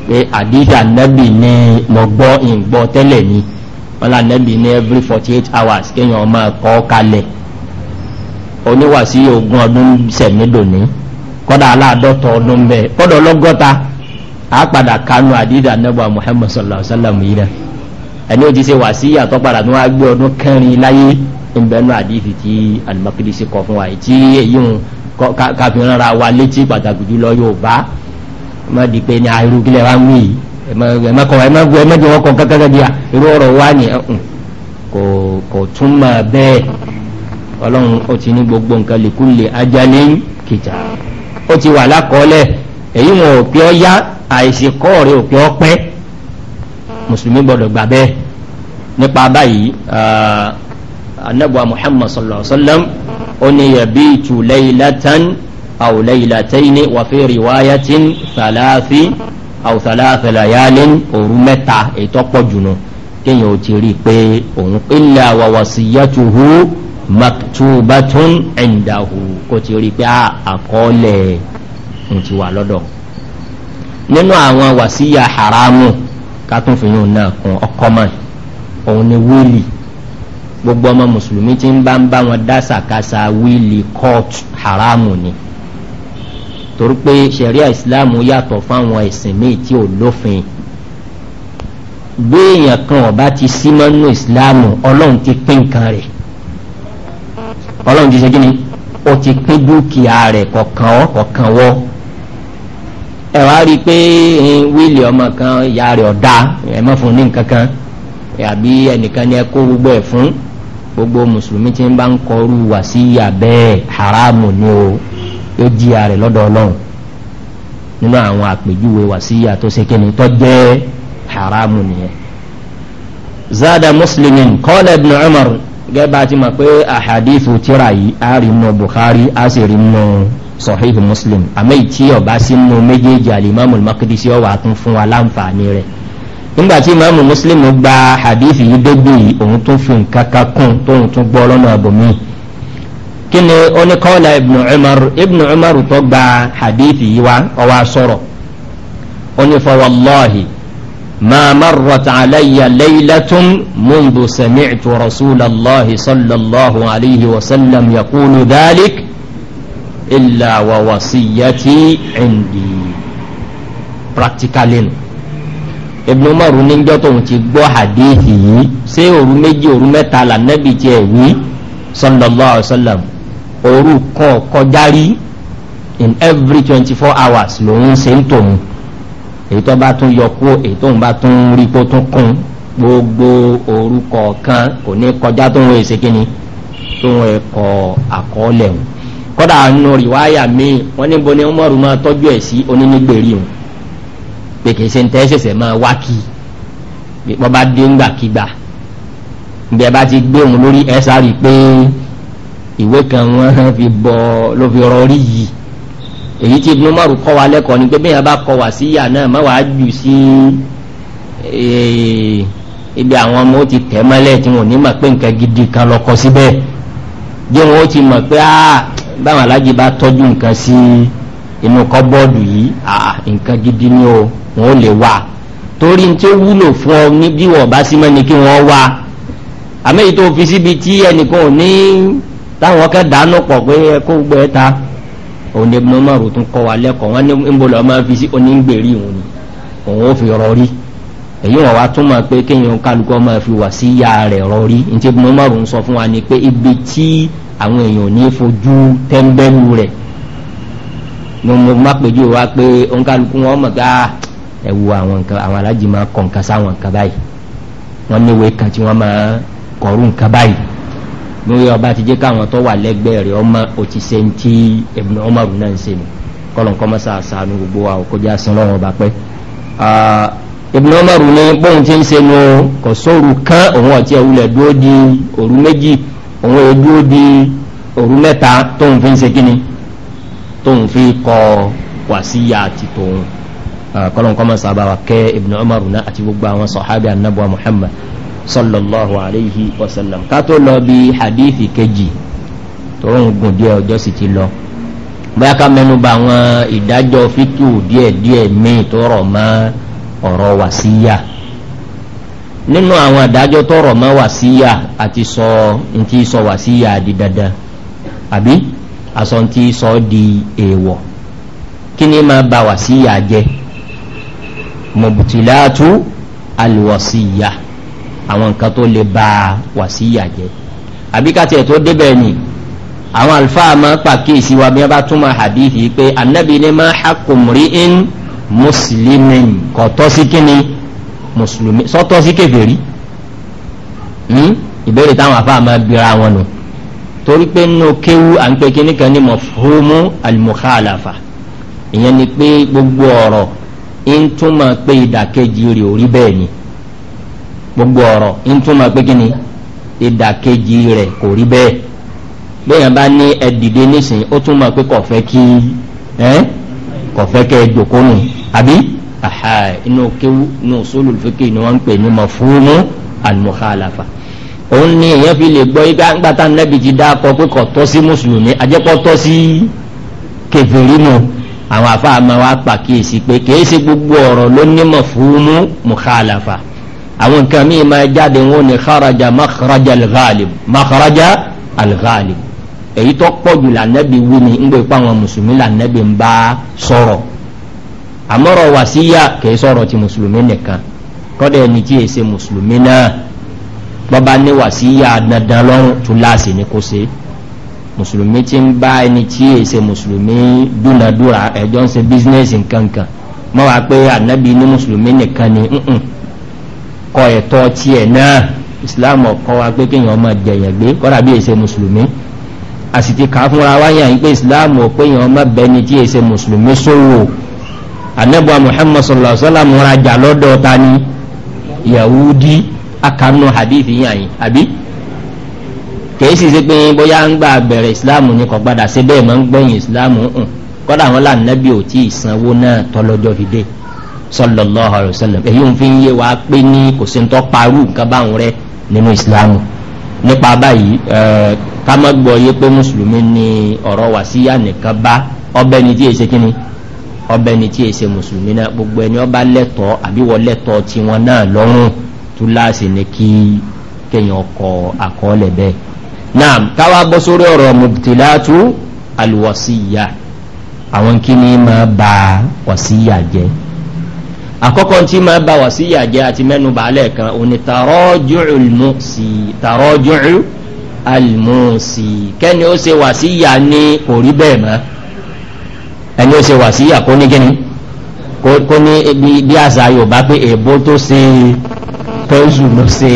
pé àdìsí ànábì ni mo gbọ́ ìgbọ́ tẹ́lẹ̀ ni wọn là ànábì ní every forty eight hours kéèyàn máa kọ́ kalẹ̀ oníwàsí ogún ọdún sẹ̀mí kọ́dà aláàdọ́tọ̀ ọdún bẹ́ẹ̀ kọ́dà ọlọ́gọ́ta àápadà kanu àdídà nẹ́bà muhammad sallallahu alaihi wa sallam yìí rẹ̀ ẹni ó ti ṣe wà sí yàtọ̀ padà tó wá gbé ọdún kẹrin láyé ìbẹ́nu àdífi tí alimakidisi kọ fún wa tí èyí ń káfíńrán ra wa létí pàtàkì jùlọ yóò bá má di pé ní àìrúgilẹ̀ wa ń wí yìí ẹ̀mẹ́kọ̀ ẹ̀mẹ́gbọ́ ẹ̀mẹ́jọ ọkọ̀ kankan bí i irú ọ̀rọ̀ wá ní ẹ̀hùn kò tún máa bẹ́ẹ̀ ọlọ́run ó ti ní gbogbo nǹkan lè kú lè ajá ní kìjà ó ti wà lákọọ́lẹ̀ èyí wọn ò pé ọ yá àìsèkọ́ rẹ̀ ò pé ọ pẹ́ mùsùlùmí gbọ́dọ̀ gbà bẹ́ẹ̀ nípa báyìí anabuwa muhammad sallallahu alaihi wa sallam ó ní yẹbi tulẹ̀ ilatan àwùlẹ̀ ilatẹ́ni wàfẹ́ riwayatin salafi àwùsàlá àfẹlẹ̀yálẹ́ òru mẹ́ta ètò pọ̀jù kéèyàn ò ti rí i pé òun ilẹ̀ àwàwàsíyàtúhù maktubatun ẹ̀ǹdàhù kò ti rí pé ah, àkọọ́lẹ̀ ti wà lọ́dọ̀ nínú àwọn wàsíyà haramu kátúnfìyàn na kún ọkọ mọ́ òun ni wíìlì gbogbo ọmọ mùsùlùmí ti ń bá ń bá wọn dá sàkásà wíìlì kóòtù haramu ni torí pé sẹ̀ríà ìsìláàmù yàtọ̀ fáwọn ẹ̀sìn míì tí ò lófin bí èèyàn kan ọba ti símọ́nú ìsìláàmù ọlọ́run ti pín nǹkan rẹ̀ ọlọ́run ti ṣe kíni ó ti pín dúkìá rẹ̀ kọ̀kan ọ́ kọ̀kan wọ́ ẹ wá rí i pé wíìlì ọmọ kan ìyá rẹ̀ ọ̀dá ẹ má fún ní nǹkan àbí ẹnìkan ni ẹ kó gbogbo ẹ̀ fún gbogbo mùsùlùmí tí ń bá ń kọrú wà sí abẹ́ haramu ni o yóò jìyà rẹ̀ lọ́dọ̀ ọlọ́run nínú àwọn àpèjúwe wà sí ìyà tó ṣe kíni tó jẹ́ haramu nìyẹn. zada muslimin kọ́lẹ̀ ibn umar gẹ́gbà ti mọ̀ pé àhàdífù tíra yìí a rí mọ̀ buhari a sì rí mọ̀ sọ̀híhù muslim àmẹ́yì tí ọba sínú méjèèjì alimami makidisi ọwà tún fún wa láǹfààní rẹ̀ nígbà tí imamu muslim gba àhàdífù yìí dégbè yìí òun tún fi nǹkan kan kún tóun tún gbọ́ lọ́nà àbòmí kí ni oníkọ́lá ibnu umar ibnu umar tó gba àhàdífù yìí wá ọwọ́ sọ̀rọ̀ onífọwọ́lọ́hìí ما مرت علي ليلة منذ سمعت رسول الله صلى الله عليه وسلم يقول ذلك إلا ووصيتي عندي practically ibn umar níjọ́ tóun ti gbọ́ hadithi yìí ṣé òru méjì òru mẹ́ta là nẹ́bi tiẹ̀ wí sallallahu alayhi wa sallam òru kan kọjá rí in every twenty four hours lòun ṣe ń tòun èyí tó bá tún yọ kú èyí tó ń bá tún rí kó tún kún gbogbo orúkọ kan kò ní kọjá tó ń wọ èsì kínní tó ń kọ àkọọ́lẹ̀ wọn kódà nù rìwáyà míì wọn níbo ni umaru máa tọ́jú ẹ̀ sí onínígbèrè wọn pé kìí ṣe ń tẹ́ ṣẹ̀ṣẹ̀ máa wá kí i wọ́n bá dé ńgbàkigbà bí ẹ bá ti gbé òun lórí ẹ sáré pé ìwé kan wọn fi bọ ló fi rọrí yìí èyí tí ibùdó márùn kọ́ wa lẹ́kọ̀ọ́ ni pé bí yẹn bá kọ wá sí ìyá náà má wàá jù sí eh, ibi àwọn ọmọ ó ti tẹ̀ mọ́lẹ̀ tí wọn ò ní mọ̀ pé nǹkan gidi kan lọ kọ síbẹ̀ jẹ́ wọn ó ti mọ̀ pé ah, báwọn alájí bá tọ́jú nǹkan sí inú kọ́bọ́ọ̀dù yìí nǹkan gidi ni o wọn ò lè wà torí tí ó wúlò fún ọ ní bí wọ́n bá sí mọ́ ni kí wọ́n wá àmì èyí tó fi síbi tí ẹnìkan ò ní táwọn kẹ́ dáná pọ̀ pé ẹ kó gbẹ ta òun ibùdó márùn tún kọ́ wa lẹ́kọ̀ọ́ wọn ní ìbòlọ́ máa fi sí onígbèrí òun ni òun ò fi rọrí èyí wọn wá tún máa pé kéèyàn kálukọ́ máa fi wà sí ya rẹ̀ rọrí ní ti ìbòlọ́ márùn sọ fún wa ni pé ibi tí àwọn èèyàn ní fojú tẹ́ńbẹ́lú rẹ̀ mo mo má pèjú wa pé òun kálukú wọn mọ̀ ká ah, ẹ wo àwọn nǹkan àwọn alájì máa kọ̀ sáwọn nǹkan báyìí wọn níwèé kan tí wọ́n máa kọ̀ọ̀rù nǹkan báyìí lórí ọba ti jẹ́ káwọn tó wà lẹ́gbẹ̀ẹ́ rẹ̀ ọmọ òtísẹ́ tí ẹ̀bùn ọmọ rùn náà ń se nù kọlọ̀nkọ́ mọ́sá àṣàánú gbogbo wa òkó já sin lọ́wọ́ ọba pẹ́ ẹ̀bùn ọmọ rùn ní bóun ti ń se nù kò sóru kán òun ọ̀tí ẹ̀wulẹ̀ dúró di òru méjì òun ẹ̀ dúró di òru mẹ́ta tóun fi ń se kíni tóun fi kọ wàsíyà àti tòun kọlọ̀nkọ́ mọ́sá àbáwá kẹ́ ẹ̀bùn ọmọ rùn náà àti gbogbo àwọn sọ̀hábì anábọ̀ muhammad sallallahu alayhi wa sallam kátó lọ bí hadithi kejì tó ń gùn díẹ̀ ọjọ́ sì ti lọ bóyá ká mẹ́nu bà àwọn ìdájọ́ fíkù díẹ̀díẹ̀ míì tó rọ̀ mọ́ ọ̀rọ̀ wàsíyà nínú àwọn àdájọ́ tó rọ̀ mọ́ wàsíyà àti sọ ntí sọ wàsíyà di dandan àbí àsọ ntí sọ di èèwọ̀ kí ni máa ba wàsíyà jẹ́ mọ̀bùtìláàtú àlùwàsíyà àwọn nǹkan tó lè ba wàsíyà jẹ́ àbí ká tiẹ̀ tó débẹ̀ ni àwọn àlùfáà máa pàkíyèsí wa bí wọ́n bá túmọ̀ hadithi pé anabi ni máa hakumri in mùsùlùmí kò tọ́ sí kíni mùsùlùmí sọ́tọ́ sí kèfèrí hmm? ìbéèrè táwọn àfáà máa bira wọn nù torí pé nínú kéwú à ń pe kíní kan ní mọ̀fóhómú alimukhalafa ìyẹn ni pé gbogbo ọ̀rọ̀ ń túmọ̀ pé ìdàkejì rẹ̀ ò bẹ́ẹ̀ ni gbogbo ọ̀rọ̀ ń túmọ̀ pé kí ni ìdàkejì rẹ̀ kò rí bẹ́ẹ̀ bẹ́ẹ̀yàn bá ní ẹ̀dìdé nísìnyí ó túmọ̀ pé kò fẹ́ kí kò fẹ́ kẹ́ ẹ jòkónù àbí inú kéwú inú sólù fíkì ni wọ́n ń pè ní mafhumu al-mukhalafa òun ni èèyàn fi lè gbọ́ ipá ńgbàtà nẹ́bi ti dá akọ pé kò tọ́ sí mùsùlùmí ajẹ́pọ̀ tọ́ sí kẹfìrí àwọn afáàmà wa pàkíyèsí pé kìí ṣe gbogbo ọ̀rọ̀ ló ní mafhumu mukhalafa àwọn nǹkan míì máa jáde wọn ni kharaja makharaja al-ghalib makharaja al-ghalib èyí tó pọ̀jù lànàbí wí ni ń gbé pa àwọn mùsùlùmí lànàbí ń bá sọ̀rọ̀ àmọ́rọ̀ wàsíyà kìí sọ̀rọ̀ ti mùsùlùmí nìkan kọ́dà ẹni tí èsè mùsùlùmí náà bọ́ba ní wàsíyà dandan lọ́rùn tún láàsì ní kó ṣe mùsùlùmí ti ń bá ẹni tí èsè mùsùlùmí dúnadúrà ẹjọ́ ń ṣe bísínẹ́sì nǹkan kan mọ́ wá pé ànábì ní mùsùlùmí nìkan ni kọ ẹ̀tọ́ tiẹ̀ náà islam ọ̀kọ́ wa pé kéèyàn máa jẹ̀yàn gbé kọ́ra bí èsè mùsùlùmí a sì ti kà á fúnra wáyà yìí pé islam ò pé èèyàn máa bẹni tí èsè mùsùlùmí sówò anabu muhammad sallallahu alaihi wa sallam rajà lọ́dọ̀ ta ni yahudi akanu hadithi yàn yìí abi. kìí sì ṣe pé bóyá ń gba bẹ̀rẹ̀ islam ní kò gbadà síbẹ̀ máa ń gbẹ̀yìn islam hàn kọ́dà wọn là nàbí ò tí ì sanwó náà tọ́lọ́jọ́ fi dé. sallallahu alayhi wa sallam èyí ń fi yé wa pé ní kò sí tó nǹkan nínú islam nípa báyìí ká má gbọ́ yé pé mùsùlùmí ni ọ̀rọ̀ wàsíyà nìkan bá ọbẹ̀ ni tí èsè kínni ọbẹ̀ ni tí èsè mùsùlùmí náà gbogbo ẹni ọba àbí wọ́n tiwọn náà lọ́rùn ni kí kéèyàn àkọọ́lẹ̀ bẹ́ẹ̀ náà káwá bọ́ sórí ọ̀rọ̀ mùtìlátú àwọn máa ba àkọ́kọ́ tí ma bá wà sí ìyàjẹ́ àti mẹ́nu bàálẹ̀ kan òní tàrọ́jù almusi kẹ́ni ó se wà sí ìyà ní kò rí bẹ́ẹ̀ mọ́ ẹni ó se wà sí ìyà kó ní gíní kó ní bí àṣà yorùbá pé èbó tó se pẹ́sù ló se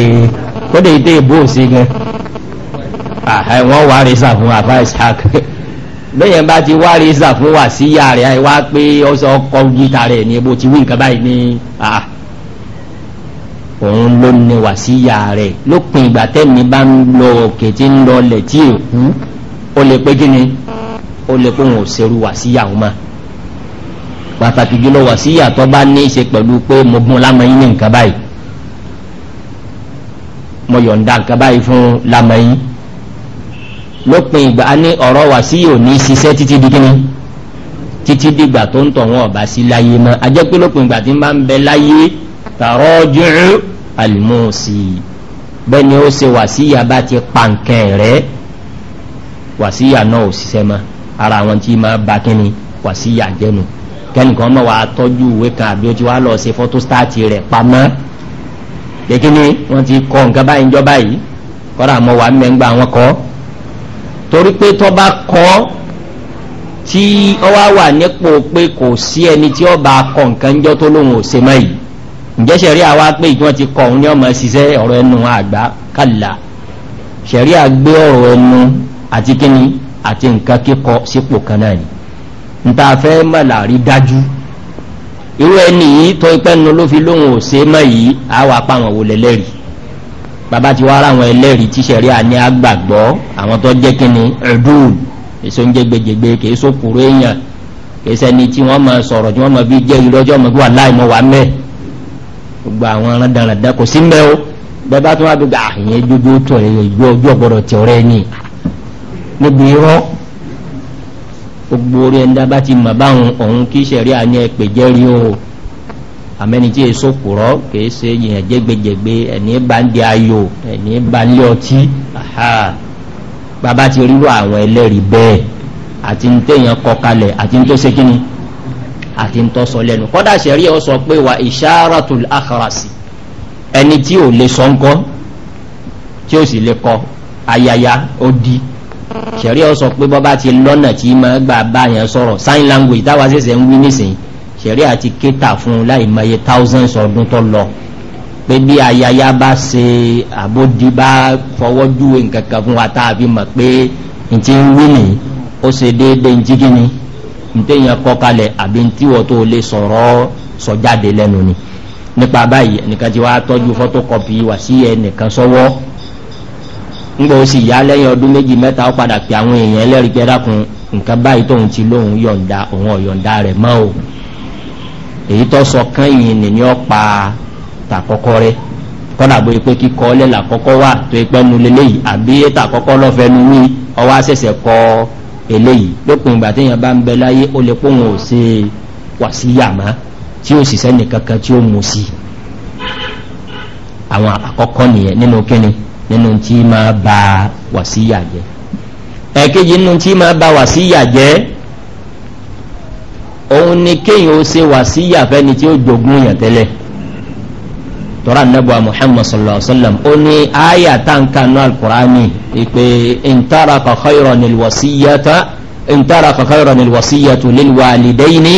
kó dé ìdé èbó ò se gan wọ́n wà rí sàfún àbá ishaq bẹ́yẹn bá ti wá reza fún wa sí ìyá rẹ̀ wá pé ọsọ ọkọ gíta rẹ̀ ní ebo ti wí nǹkan báyìí ní ah, òun ló ní wà sí ìyá rẹ̀ lópin ìgbà tẹ́mi bá ń lọ òkè tí ń lọ ọlẹ̀ tí èkú ó lè pé kí ni ó lè pé òun ò ṣerú wà sí ìyàwó mọ́ pàtàkì jùlọ wà sí ìyà tó bá ní í ṣe pẹ̀lú pé mo gun lámọ̀yín ní nǹkan báyìí mo yọ̀ǹda nǹkan báyìí fún lámọ̀yín lópin ìgbà ní ọ̀rọ̀ wà sí yóò ní ṣiṣẹ́ títí di kíni títí dìgbà tó ń tọ̀ wọn ọ̀bà sí láyé mọ́ a pé lópin ìgbà tí ń bá ń bẹ láyé tààrọ́ jùlọ àlùmọ́ọ̀sì bẹ́ẹ̀ ni ó ṣe wà síyà bá ti pa nǹkan rẹ̀ wà síyà náà ò ṣiṣẹ́ mọ́ ara àwọn tí máa ba kíni wà síyà jẹ́nu kẹ́nìkan mọ̀ wá tọ́jú ìwé kan àbí ó ti wá lọ ṣe fọ́tóstáàtì rẹ̀ pamọ́ pé kíni wọ́n ti kọ́ nǹkan báyìí ń jọ báyìí kọ́ra mọ́ wà mẹ́ngbà wọn kọ́ torí pé tọ́ba kọ́ tí ọ wá wà nípò pé kò sí ẹni tí ọba akọ nǹkan ń jọ tó lóun ò ṣe mọ́ yìí ǹjẹ́ sẹ̀rí àwa pé ìgbọ́n ti kọ̀ òun ní ọmọ ṣiṣẹ́ ọ̀rọ̀ ẹnu àgbà kàlà sẹ̀rí àgbé ọ̀rọ̀ ẹnu àti kíni àti nǹkan kíkọ sípò kan náà ni nta fẹ́ mọ̀ làrí dájú irú ẹni yìí tọ́ ipẹ́ ló fi lóun ò ṣe mọ́ yìí àwa pa àwọn wò lẹ́lẹ́rìí bàbá ti wá ráwọn ẹlẹ́rìí tí sẹ̀ríà ní agbàgbọ́ àwọn tó jẹ́ kí ni ẹ̀dùn èso ń jẹ́ gbẹgbẹgbẹ kìí sókùrú èèyàn kìí sẹ́ni tí wọ́n máa sọ̀rọ̀ tí wọ́n máa fi jẹ́ ìrọ́jọ́ mọ̀ wà láì mọ̀ wà mẹ́ gbogbo àwọn arandarandan kò sí mẹ́ o bẹ́ẹ̀ bá wá dùgbà àyẹn ah, dúdú tó ìjọ ojú ọ̀gbọ́dọ̀ tẹ̀ ọ̀rẹ́ ni níbi irọ́ gbogbo orí ẹni dá bá ti mọ̀ báwọn òun kí sẹ̀ríà ní ẹ pè jẹ́rìí o àmẹ́ni tí èso kùrọ́ kìí ṣe yìnyẹn jẹ́gbẹ́jẹ́gbẹ́ ẹ̀ní bá ń di ayò ẹ̀ní bá ń lé ọtí bàbá ti ríro àwọn ẹlẹ́rìí bẹ́ẹ̀ àti ń tẹ̀yàn kọ kalẹ̀ àti ń tó ṣe kíni àti ń tọ́ sọ lẹ́nu kọ́dà sẹ́rí ọ sọ pé wà ìṣàràtù àkàràsì ẹni tí ò lè sọ ńkọ́ tí ó sì lè kọ ayaya ó di sẹ́rí ọ sọ pé bọ́bá ti lọ́nà tí máa gbà bá yẹn sọ̀rọ̀ sign language táwa ṣẹ̀ṣẹ̀ ń wí nísìnyí ṣẹ̀rí àti kéta fún láì mọye thousands ọdún tó lọ pé bí ayaya bá ṣe àbódi bá fọwọ́ júwe nǹkan kan fún wa tá a fi mọ̀ pé n ti ń wí nìyí ó ṣe déédéé ntí kí ni ntẹ́ yẹn kọ́ kalẹ̀ àbí ntí wọ́n tó lè sọ̀rọ̀ sọ̀jáde lẹ́nu ni nípa báyìí ẹnìkan ti wá tọ́jú photocopy wá sí ẹnìkan sọ́wọ́ ńgbà ó sì yá lẹ́yìn ọdún méjì mẹ́ta ó padà pé àwọn èèyàn ẹlẹ́rìí pẹ́ dákun nǹkan báyìí tóun ti lóun yọ̀ǹda òun ọ̀yọ̀ǹda rẹ̀ mọ́ o èyí tó sọ kán yìí nìyí ọ̀pá tàkọ́kọ́ rẹ kọ́nà àgbẹ̀ pé kíkọ́ ọlẹ́ làkọ́kọ́ wà tó ipẹ́ nu lélẹ́yìí àbí tàkọ́kọ́ lọ́fẹ́ nu wí ọwọ́ àṣẹ̀ṣẹ̀ kọ́ eléyìí lópin ìgbà téèyàn bá ń bẹ láyé ó lè pòun ò ṣe wà sí yàmá tí ó sì sẹ́ni kankan tí ó mú sí i àwọn àkọ́kọ́ nìyẹn nínú kíni nínú tí máa ba wà sí yà jẹ́ nínú tí máa ba wà sí yà òun ni kéèyàn ó ṣe wàsíyà fẹ́ni tí ó jogún yàn tẹ́lẹ̀ tọ́ra nàbọ̀ muhammad sallallahu alayhi wa sallam ó ní àyà táǹkanu alukur'ani ìpè ntara kọ̀kọ́yọ̀rọ̀ nílwàsíyàtà ntara kọ̀kọ́yọ̀rọ̀ nílwàsíyàtù nílwàlídẹ́yìní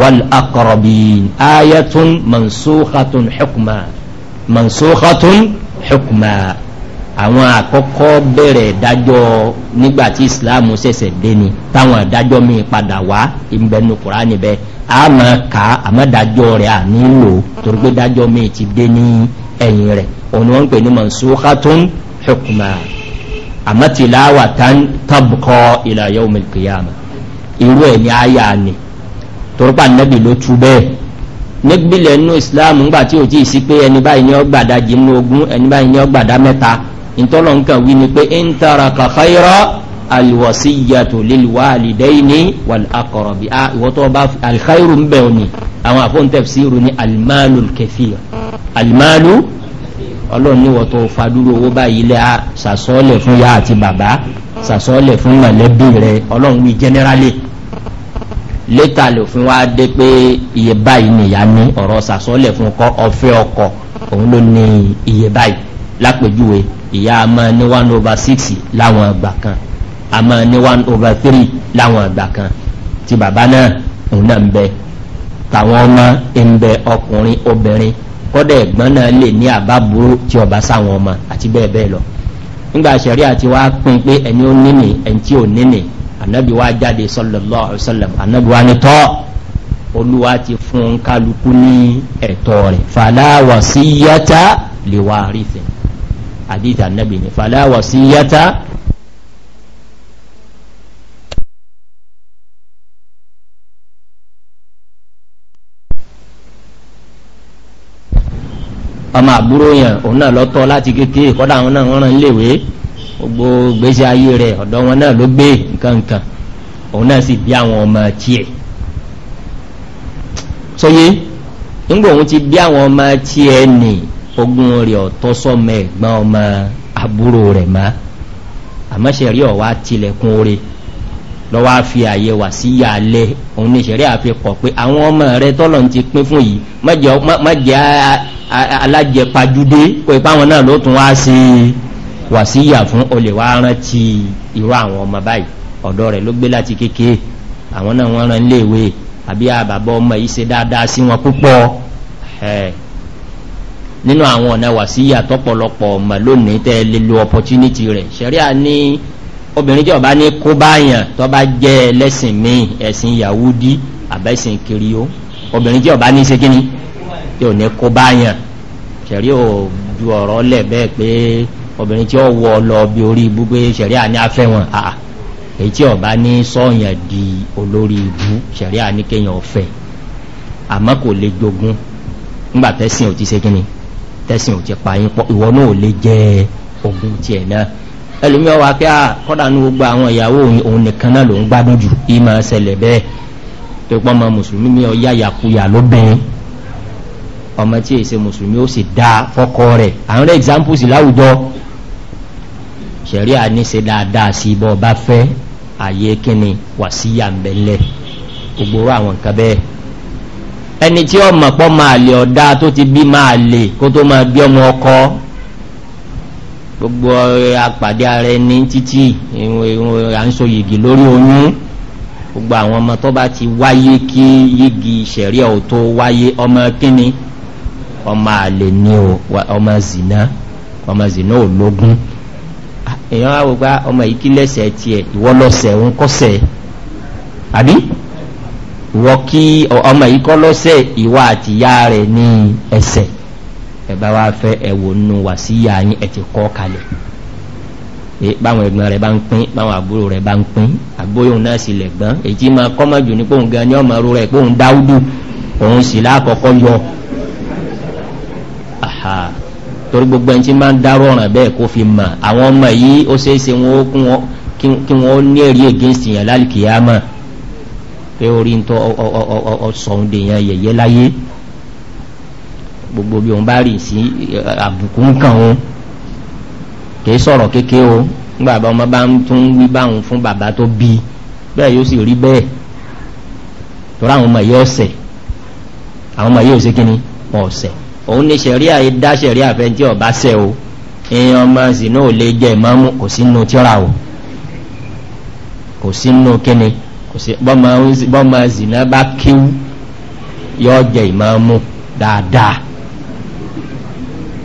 wàl akọ̀rọ̀bìn àyà tún mansúkàtún xukuma mansúkàtún xukuma àwọn àkọ́kọ́ bẹ̀rẹ̀ ìdájọ́ nígbà tí islam ṣẹ̀ṣẹ̀ dé ni táwọn ìdájọ́ mi padà wá ìbẹnu kùránì bẹ́ẹ̀ a máa kà á àmọ́ ìdájọ́ rẹ̀ à nílò torí pé ìdájọ́ mi ti dé ní ẹ̀yìn rẹ̀ òun wọ́n ń pè ní mansukhatun hukma àmọ́ tìláwà tán tabkọ ila yawmil qiyamah irú ẹ̀ ní àyà ni torí pé ànábì ló tu bẹ́ẹ̀ nígbìlẹ̀ nínú islam ńgbà tí ò tí ì sí pé ẹni báyìí ni ó jìnnú ogún ẹni báyìí ni ó mẹ́ta ntọ́lọ̀ nǹkan wí ni pé ah, ń tara kàkàyọ́rọ́ alwasiyatu lilwalidaini wal akọrọbi a ìwọ́tọ́ bá alkhairu ń bẹ̀ ni àwọn àfọ̀ntẹ́fsiru ni almalu kẹfìr almalu ọlọ́run ní wọ́tọ̀ fadúró owó báyìí lẹ́ a ah, sàsọ́ọ̀lẹ̀ fún ya àti bàbá sàsọ́ọ̀lẹ̀ fún mọ̀lẹ́bí rẹ ọlọ́run wí jẹ́nẹ́rálì létà lòfin wa dé pé iye báyìí nìyá ní ọ̀rọ̀ sàsọ́ọ̀lẹ̀ fún ọkọ̀ ọ̀fẹ́ ọkọ̀ òun ló ní iye báyìí lápèjúwe ìyá a máa ní one over six láwọn àgbà kan a máa ní one over three láwọn àgbà kan ti bàbá náà òun náà ń bẹ tàwọn ọmọ ń bẹ ọkùnrin obìnrin kọ́dà ẹ̀gbọ́n náà lè ní àbábúrò tí ọba sáwọn ọmọ àti bẹ́ẹ̀ bẹ́ẹ̀ lọ nígbà sẹ̀rí àti wá pín pé ẹni ó níní ẹni tí ò níní ànábi wá jáde sọlọlọ ọsọlọm ànábi wá ní tọ́ olúwa ti fún kálukú ní ẹ̀tọ́ rẹ̀ fàlàwọ̀ sí yẹta lè wá rí fẹ́ hadith annabi ni fala wasiyata ọmọ àbúrò yẹn òun náà lọ́tọ́ láti kékeré kọ́dà àwọn náà wọ́n rán léèwé gbogbo gbèsè ayé rẹ̀ ọ̀dọ́ wọn náà ló gbé nkankan òun náà sì bí àwọn ọmọ tiẹ̀ sọyé nígbà òun ti bí àwọn ọmọ tiẹ̀ nìí ogun rẹ̀ ọ̀tọ́ sọ́mọ ẹ̀gbọ́n ọmọ àbúrò rẹ̀ má àmọ́ṣẹ̀rí ọ̀wá tilẹ̀kùn oore lọ́wọ́ fi àyè wà sí yà lẹ́ òun ní ìṣẹ̀rí àfikọ̀ pé àwọn ọmọ rẹ tọ́lọ̀ ti pín fún yìí mọ́jẹ́ alájẹpajúdé pé páwọn náà ló tún wá sí wà sí yà fún olè wá rántí irú àwọn ọmọ báyìí ọ̀dọ́ rẹ̀ ló gbé láti kékeré àwọn náà wọ́n ran léèwé àbí àbàbọ̀ ọmọ yìí ṣe dáadáa sí wọn púpọ̀ nínú àwọn ọ̀nà wàsíyà tọ́pọ̀lọpọ̀ ọ̀mà lónìí tẹ́ lè opportunity rẹ̀ sẹ́ríà ní obìnrin tí ọba ní kó báyàn tó bá jẹ́ ẹlẹ́sìn míì ẹ̀sìn yahudi àbẹ́sìn kiri ó obìnrin tí ọba ní ṣe kíni tí ò ní kó báyàn sẹ́rí ò ju ọ̀rọ̀ lẹ̀ bẹ́ẹ̀ pé obìnrin tí ó wọ lọ bí orí ibú pé sẹ́ríà ní afẹ́ wọn àà èyí tí ọba ní sọ́ọ̀yàn di olórí ibú sẹ́ríà ní kéèyàn ọ̀fẹ́ àmọ́ kò lè jogún ńgbàtẹ́sìn ò ti ṣe kíni tẹ́sìn ò ti pa yín pọ̀ ìwọ náà ò lè jẹ ogún tiẹ̀ náà ẹlòmíràn wá pé ah, kọ́dà ní gbogbo àwọn ìyàwó òun nìkan náà lòún gbádùn jù yìí máa ṣẹlẹ̀ bẹ́ẹ̀ tó pọ́n ọmọ mùsùlùmí ni ọ̀yá yàkuyà lóbìnrin ọmọ tí èsè mùsùlùmí ó sì dá fọ́kọ rẹ̀ àwọn examples láwùjọ sẹ̀rí àníṣe dáadáa sí ibọ̀ ọba fẹ́ àyè kínni wàsíyà ń bẹ̀lẹ̀ gbogbo àwọn nǹkan bẹ́ẹ̀ ẹni tí ọmọ pọ́ máa lè ọ̀dá tó ti bí máa lè kó tó máa bí ọmọ ọkọ gbogbo apàdé ara ẹni títí à ń so yìgì lórí oyún gbogbo àwọn ọmọ tó bá ti wáyé kí yìgì ìṣẹ̀ríà ò tó wáyé ọmọ kínní ọmọ àlè ni o ọmọ zìnà ọmọ zìnà ò lógún ah, èèyàn á wò pé ah, ọmọ yìí kí lẹ́sẹ̀ tiẹ̀ ìwọ́lọ́sẹ̀ òun kọ́sẹ̀ àbí wọ́n kí ọmọ yìí kọ́ lọ́sẹ̀ ìwà àtìyá rẹ̀ ní ẹsẹ̀ ẹ̀bá wa fẹ́ ẹ̀wò nù wá sí ìyá yín ẹ̀ ti kọ́ kalẹ̀ báwọn ẹ̀gbọ́n rẹ̀ bá ń pín báwọn àbúrò rẹ̀ bá ń pín àbóyún náà sì lẹ̀ gbọ́n èyí máa kọ́mọ̀jù ní pòun gan ni ọmọ ru rẹ̀ pòun dáúdù òun sì lákọ̀ọ́kọ́ yọ torí gbogbo ẹni tí máa ń dárò ọ̀ràn bẹ́ẹ̀ kó fi mọ̀ àwọn ọmọ yìí ó ṣeé ṣe kí wọ́n ní against yẹn lálùkìyàmọ̀ pé orí ń tọ́ ọ̀sọ̀hún dèèyàn yẹ̀yẹ́ láyé gbogbo bí òun bá rì sí àbùkù ń kàn òun kì í sọ̀rọ̀ kékeré o nígbà bá ọmọ bá ń tún wí báwọn fún bàbá tó bí bẹ́ẹ̀ yóò sì rí bẹ́ẹ̀ torí àwọn ọmọ yìí ọ̀sẹ̀ àwọn ọmọ yìí ò sí kíni ọ̀sẹ̀ òun ní sẹ̀ríà dá sẹ̀ríà fẹ́ tí ọba sẹ́ o ìyẹn ọmọ sì náà ò lè jẹ́ ìmọ̀ọ́mù kò sínú tíra o kò sínú kíni kò sí bọ́mọ zìnà bá kíw yọ jẹ ìmáàmù dáadáa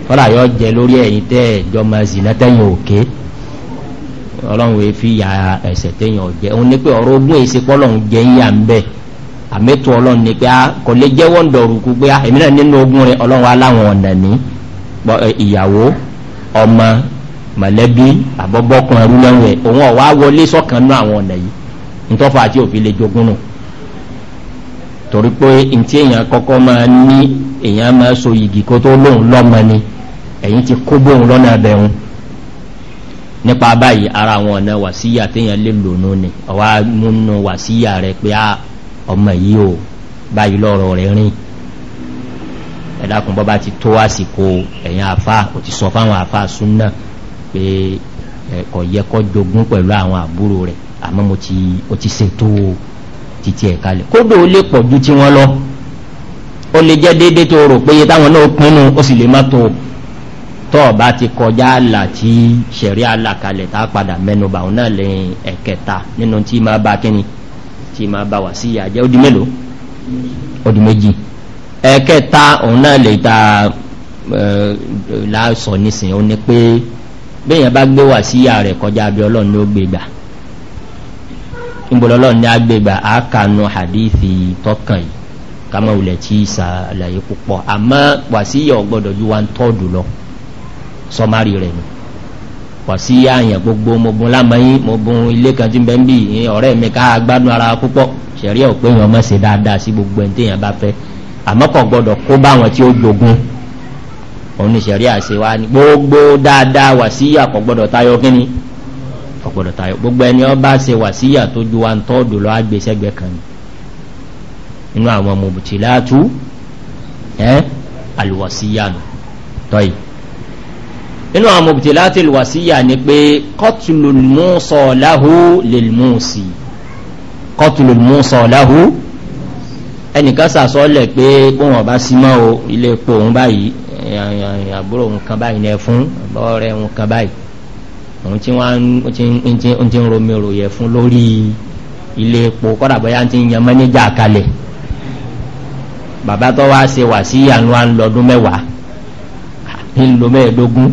kọ́lá yọ jẹ lórí ẹ̀yìn tẹ́ ẹ̀jọ́ mọ zìnà tẹ́yìn òkè ọlọ́run fi ya ẹ̀sẹ̀ tẹ́yìn ọ̀jẹ́ òun ní pé ọ̀rọ̀ ogún èsì pọ́lọ́run jẹ́ ń yà ń bẹ̀ àmẹ́tò ọlọ́run ní pé kò lè jẹ́ wọ́ndọ̀rùkú pé èmi náà nínú ogún rẹ̀ ọlọ́run aláwọn ọ̀nà ní ìyàwó ọmọ mọ̀lẹ́bí àbọ̀bọ́kùn ẹrú lẹ́wọ̀n òun ọ̀wá wọlé sọ́kànnú àwọn ọ̀nà yìí ntọ́fà àti òfin lè jogún nù torí pé ntí èèyàn kọ́kọ́ máa ní èèyàn máa so yìgì kó tó lọ́mọ ni ẹ̀yìn ti kó bóun lọ́nà bẹ̀rùn nípa báyìí ara àwọn ọ̀nà wàsíyà téèyàn lè lò nù ni ọ̀wá múnú wàsíyà rẹ pé a ah, ọmọ yìí o báyìí lọ́rọ̀ rẹ rìn ẹ̀dàkùn bọ́ bá ti tó àsìkò ẹ̀yìn àfa kò ti sọ fáwọn àfa súnà pé ẹ̀kọ́ yẹ kọ́ jogún pẹ̀lú àwọn àbúrò rẹ̀ àmọ́ mo ti o ti ṣètò títí ẹ̀ kalẹ̀ kódò ó lè pọ̀ ju tiwọn lọ ó lè jẹ́ déédé tó rò pé táwọn náà pinnu ó sì lè má tó tọ́ ọ bá ti kọjá àlà tí sẹ̀rí àlà kalẹ̀ tá a padà mẹ́nuba òun náà lẹ́yìn ẹ̀kẹta nínú tí máa bá kínni tí máa bá wà sí ìyá ó di mélòó ó di méjì ẹ̀kẹta òun náà lè ta láàsọ nísìnyí ó ní pé bẹ́ẹ̀ yẹn bá gbé wà sí ìyá rẹ̀ kọjá abẹ́ ọlọ́run ló gbé gbà ìbòlọ́lọ́ ní agbègbà àákànú hadithi tọ́kàn yìí kama wulẹ̀ tí sàlàyé púpọ̀ àmọ́ wàsíyà ọgbọ́dọ̀ ju wa ń tọ́ọ̀dù lọ sọmárì rẹ̀ ni wàsíyà àyàn gbogbo mogun lámọ́yìn mogun ilé kan tí ń bẹ ń bì í ọ̀rẹ́ mi ká gbádùn ara púpọ̀ ṣẹ̀rí ọ̀pẹ́ yẹn ọmọ ṣe dáadáa sí gbogbo ẹni téèyàn bá fẹ́ àmọ́ kò gbọ́dọ̀ kó bá wọn tí ó jogun òun ni ṣẹ̀rí àṣewá ni gbogbo dáadáa wàsíyà kò gbọ́dọ̀ tayọ kínní ọ̀pọ̀lọ̀ tayọ gbogbo ẹni ọ bá se wà síyà tó ju wa ń tọ́ọ̀dù lọ agbésẹ́gbẹ́ kan inú àwọn mọ̀bùtì látú ẹ́ alùwàsíyà nù tọ́yì inú àwọn mọ̀bùtì láti alùwàsíyà ni pé kọ́tùlùmùsọ̀ láhú lèlmùsì kọ́tùlùmùsọ̀ láhú ẹnìkan sàsọ́lẹ̀ pé bóun ọba símọ́ o ilé epo òun báyìí àbúrò òun kan báyìí ní ẹ fún ọ̀rẹ́ òun kan báyìí òun tí wọ́n ti ń romi ròyẹ̀ fún lórí ilé epo kọ́dà bóyá ti ń yan mẹ́nẹ́jà kalẹ̀ bàbá tó wá ṣe wà sí àánú à ń lọ́dún mẹ́wàá ń lo mẹ́ẹ̀ẹ́dógún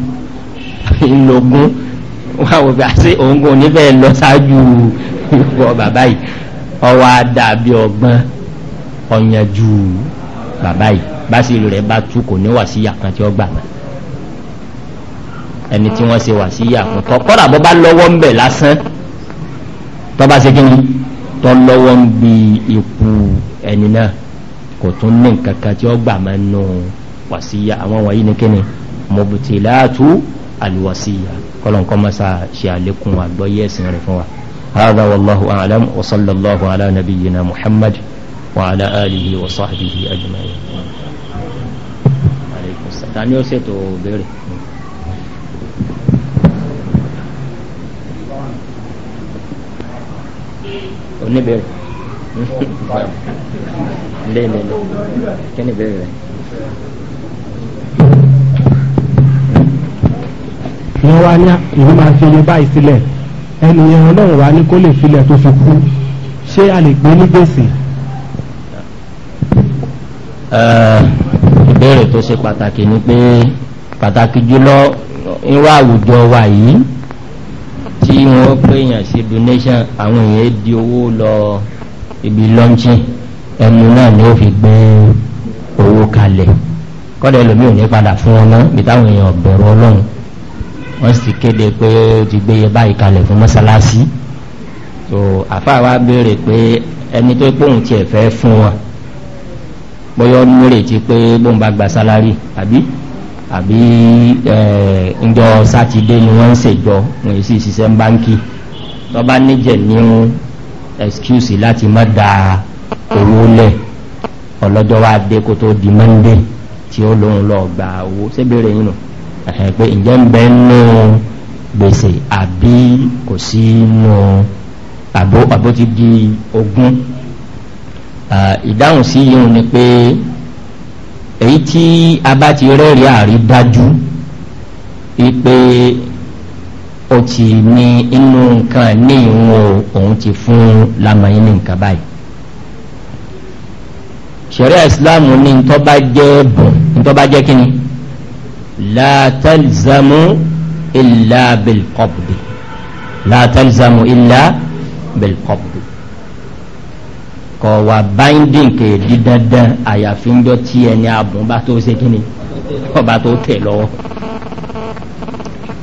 ń logún wọ́n wò bá ṣe òun kò ní bẹ́ẹ̀ lọ ṣáájú ìwọ bàbá yìí ọwọ́ àdàbí ọgbọ́n ọ̀yànjú bàbá yìí bá sì rẹ̀ bá tú kò ní wà sí àkàntì ọgbà náà ẹni tí wọ́n ṣe wà sí yà fún tọ́ kọ́dà bọ́ bá lọ́wọ́ ń bẹ̀ lásán tọ́ bá ṣe kí ni tọ́ lọ́wọ́ ń bi ipò ẹni náà kò tún ní nǹkan kan tí ó gbà máa ń nù wà sí yà àwọn wọ̀nyí ni kí ni mọ̀bùtìláàtú àlùwàsíyà kọ́lọ̀nkọ́ mọ́sá ṣe àlékún àgbọ́yé ẹ̀sìn rẹ̀ fún wa. هذا والله أعلم وصلى الله على نبينا محمد وعلى آله وصحبه أجمعين. عليكم السلام. oníbẹ̀rẹ̀ lélẹ̀lẹ̀ kí ni bẹ̀rẹ̀ rẹ̀. wọ́n wá ní ìlú máa fi iye báyìí sílẹ̀ ẹnìyẹn ọlọ́run wá ní kó lè filẹ̀ tó fi kú ṣé a lè gbé ní gbèsè. ìbéèrè tó ṣe pàtàkì ni pé pàtàkì jùlọ irú àwùjọ wa yìí tí wọ́n pèèyàn sí donation àwọn èèyàn di owó lọ ibi lọ́ńchì ẹnu náà ni ó fi gbé owó kalẹ̀ kọ́dọ̀ ẹlòmíì ò ní padà fún wọn náà bí táwọn èèyàn bẹ̀rù ọlọ́run wọ́n sì kéde pé ó ti gbé iye báyìí kalẹ̀ fún mọ́sálásí so àfáà wa béèrè pé ẹni tó pòun tiẹ̀ fẹ́ fún wọn bóyá ó ń retí pé bóun bá gba sálárì àbí àbí ǹjọ́ sátidé ni wọ́n ń ṣèjọ wọ́n sì ṣiṣẹ́ báńkì tó bá níjẹ̀ ní excuse láti má da owó lẹ̀ ọlọ́jọ́ wa dé kó tó di monday tí ó lóun lọ gba owó sébèrè yìí nù pé ǹjẹ́ ń bẹ nù gbèsè àbí kò sí nù àbó àbó ti di ogún ìdáhùn sí yìí ni pé èyí tí a bá ti rẹ́rìí àrídájú wípé ó ti ní inú nǹkan ní ìwọ̀n òun ti fún lamọ̀yìn ní nǹkan báyìí sẹ̀rẹ́ islam ní ntọ́ba jẹ́ bùn ntọ́ba jẹ́ kínní látàlzàmù ilà bìlkọ́pù látàlzàmù ilà bìlkọ́pù ẹ̀kọ́ wa binding kè dídandan àyàfi ń jọ tí ẹni ààbùn bá tó ṣe kíni ọba tó tẹ̀ lọ́wọ́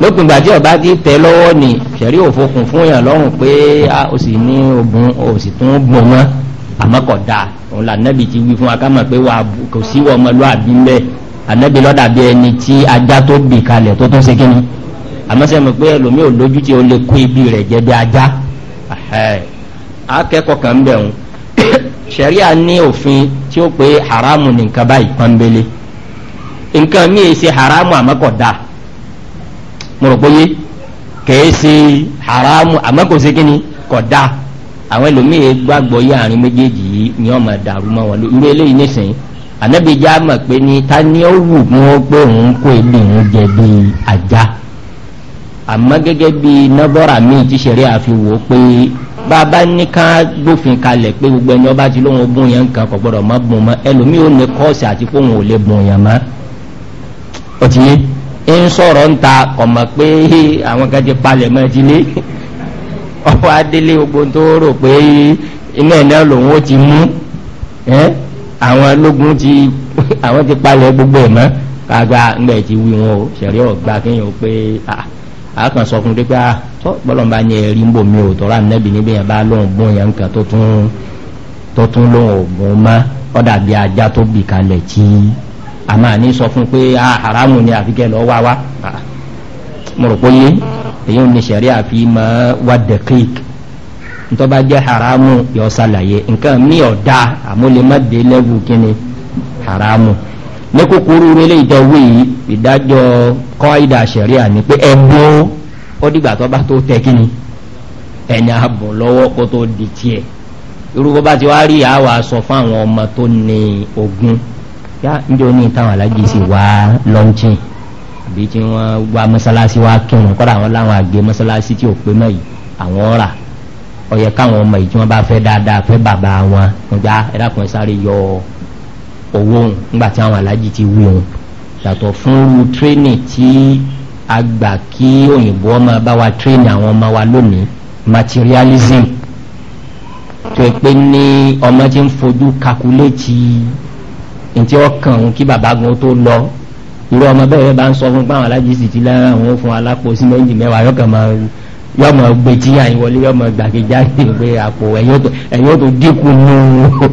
lópin ìgbà tí ọba ti tẹ̀ lọ́wọ́ ni ṣẹ̀rí òfokùn fún yàn lọ́rùn pé a ò sì ní ogun ò sì tún gbọ̀n wọn àmọ́ kò dáa òun là nẹ́bi ti wí fún wa ká mọ̀ pé wà kò sí wọ́n ọmọlúwàbí ńbẹ́ ànẹ́bi lọ́dà bí ẹni tí ajá tó bì kalẹ̀ tó tún ṣe kíni àmọ́ sẹ́mi pé ẹlòmíì ò lójú tí ó lè kó ibi rẹ̀ jẹ́ bí ajá akẹ́kọ̀ọ́ kan bẹ̀ ń sẹ̀ríà ní òfin tí ó pé haramu ní nǹkan báyìí pọ́nbélé nǹkan míì ṣe haramu àmọ́kọ̀dá mo rò pé yé kèé ṣe haramu àmọ́kọ̀ṣe kínní kọ̀dá àwọn ẹlòmíì gbàgbọ́ yé àárín méjèèjì yìí ni wọ́n máa dàrú mọ́ wọn irú eléyìí nísìnyí ànábìjá mọ̀ pé ní ta ni ó wù mí pé òun kó ilé òun jẹ bí ajá àmọ́ gẹ́gẹ́ bí nọ́bọ̀rà míì tí sẹ̀ríà fi wò ó pé bàbá ní ká gbófin kalẹ̀ pé gbogbo ẹni ọba ti lóun bùn yẹn nǹkan kò gbọdọ̀ má bùn mọ́ ẹlòmíì ò ní kọ́ọ̀sì àti pé òun ò lè bùn yẹn mọ́ ọtí yé ń sọ̀rọ̀ ń ta ọ̀mọ̀ pé àwọn kan ti palẹ̀ mọ́ ti lé ọwọ́ adélé gbogbo tó rò pé iná ẹ̀ náà lòun ó ti mú àwọn ológun ti àwọn ti palẹ̀ gbogbo ẹ̀ mọ́ kàgbà ńgbẹ̀ ti wí wọn o ṣẹ̀rí ọ̀gbà kéèyàn pé ah, àákàn sọ fún dípẹ́ àtọ́ ah, bọ́lọ̀mbá ní ẹ̀rí ń bò mí ò tọ́ra nẹ́bì níbi yẹn bá lóun gbọ́n yẹn nǹkan tó tún lóun ògùn mọ́ ọ̀dà bí ajá tó bì kalẹ̀ tí a máa ní sọ fún pé àràmù ah, ni àfikẹ́ lọ wá wá mo rò pé yé èyí ò ní sẹ̀rí àfi mọ́ wá dẹ̀kík ntọ́ bá jẹ́ haramu yọ sàlàyé nǹkan mi ò dáa àmúlẹ̀ má dé lẹ́wù kíni haramu ní kúkúrú relé ìtọ́wé yìí ìdájọ́ kọ́ìdà sẹ̀ríà ni pé ẹ̀bùn ó dìgbà tó bá tó tẹ kí ni ẹni ààbò lọ́wọ́ kó tó di tiẹ̀ irú bó bá ti wá rí àwa sọ fún àwọn ọmọ tó ní ogun yá níbi oní táwọn alájí sì wá lọ́ńchìn àbí tí wọ́n wá mọ́sálásí wá kírun kọ́ra àwọn láwọn àgbẹ̀ mọ́sálásí tí ò pé mọ́ yìí àwọn ọ̀rà ọ̀yẹ káwọn ọmọ yìí tí wọ́n bá fẹ́ dáadáa fẹ́ bàbá wọn ọjà ẹ̀dá kan sáré yọ ọ́ owó òun nígbà tí àwọn aláàjì ti wí òun yàtọ̀ fún irú tírénì tí a gbà kí òyìnbó ọmọ bá wa tírénì àwọn ọmọ wa lónìí materialism tó pé ní ọmọ tí ń fojú kakuléètì ntí ọkàn òun kí bàbá gan tó lọ irú ọmọ bẹ́ẹ̀ bá ń sọ fún pé àwọn sì ti lára àwọn fún alápò símẹ́ǹtì mẹ́wàá yọkàn máa yọmọ gbé tí yọmọ gbàgbéjáde pé àpò ẹ̀yìn tó dínkù nù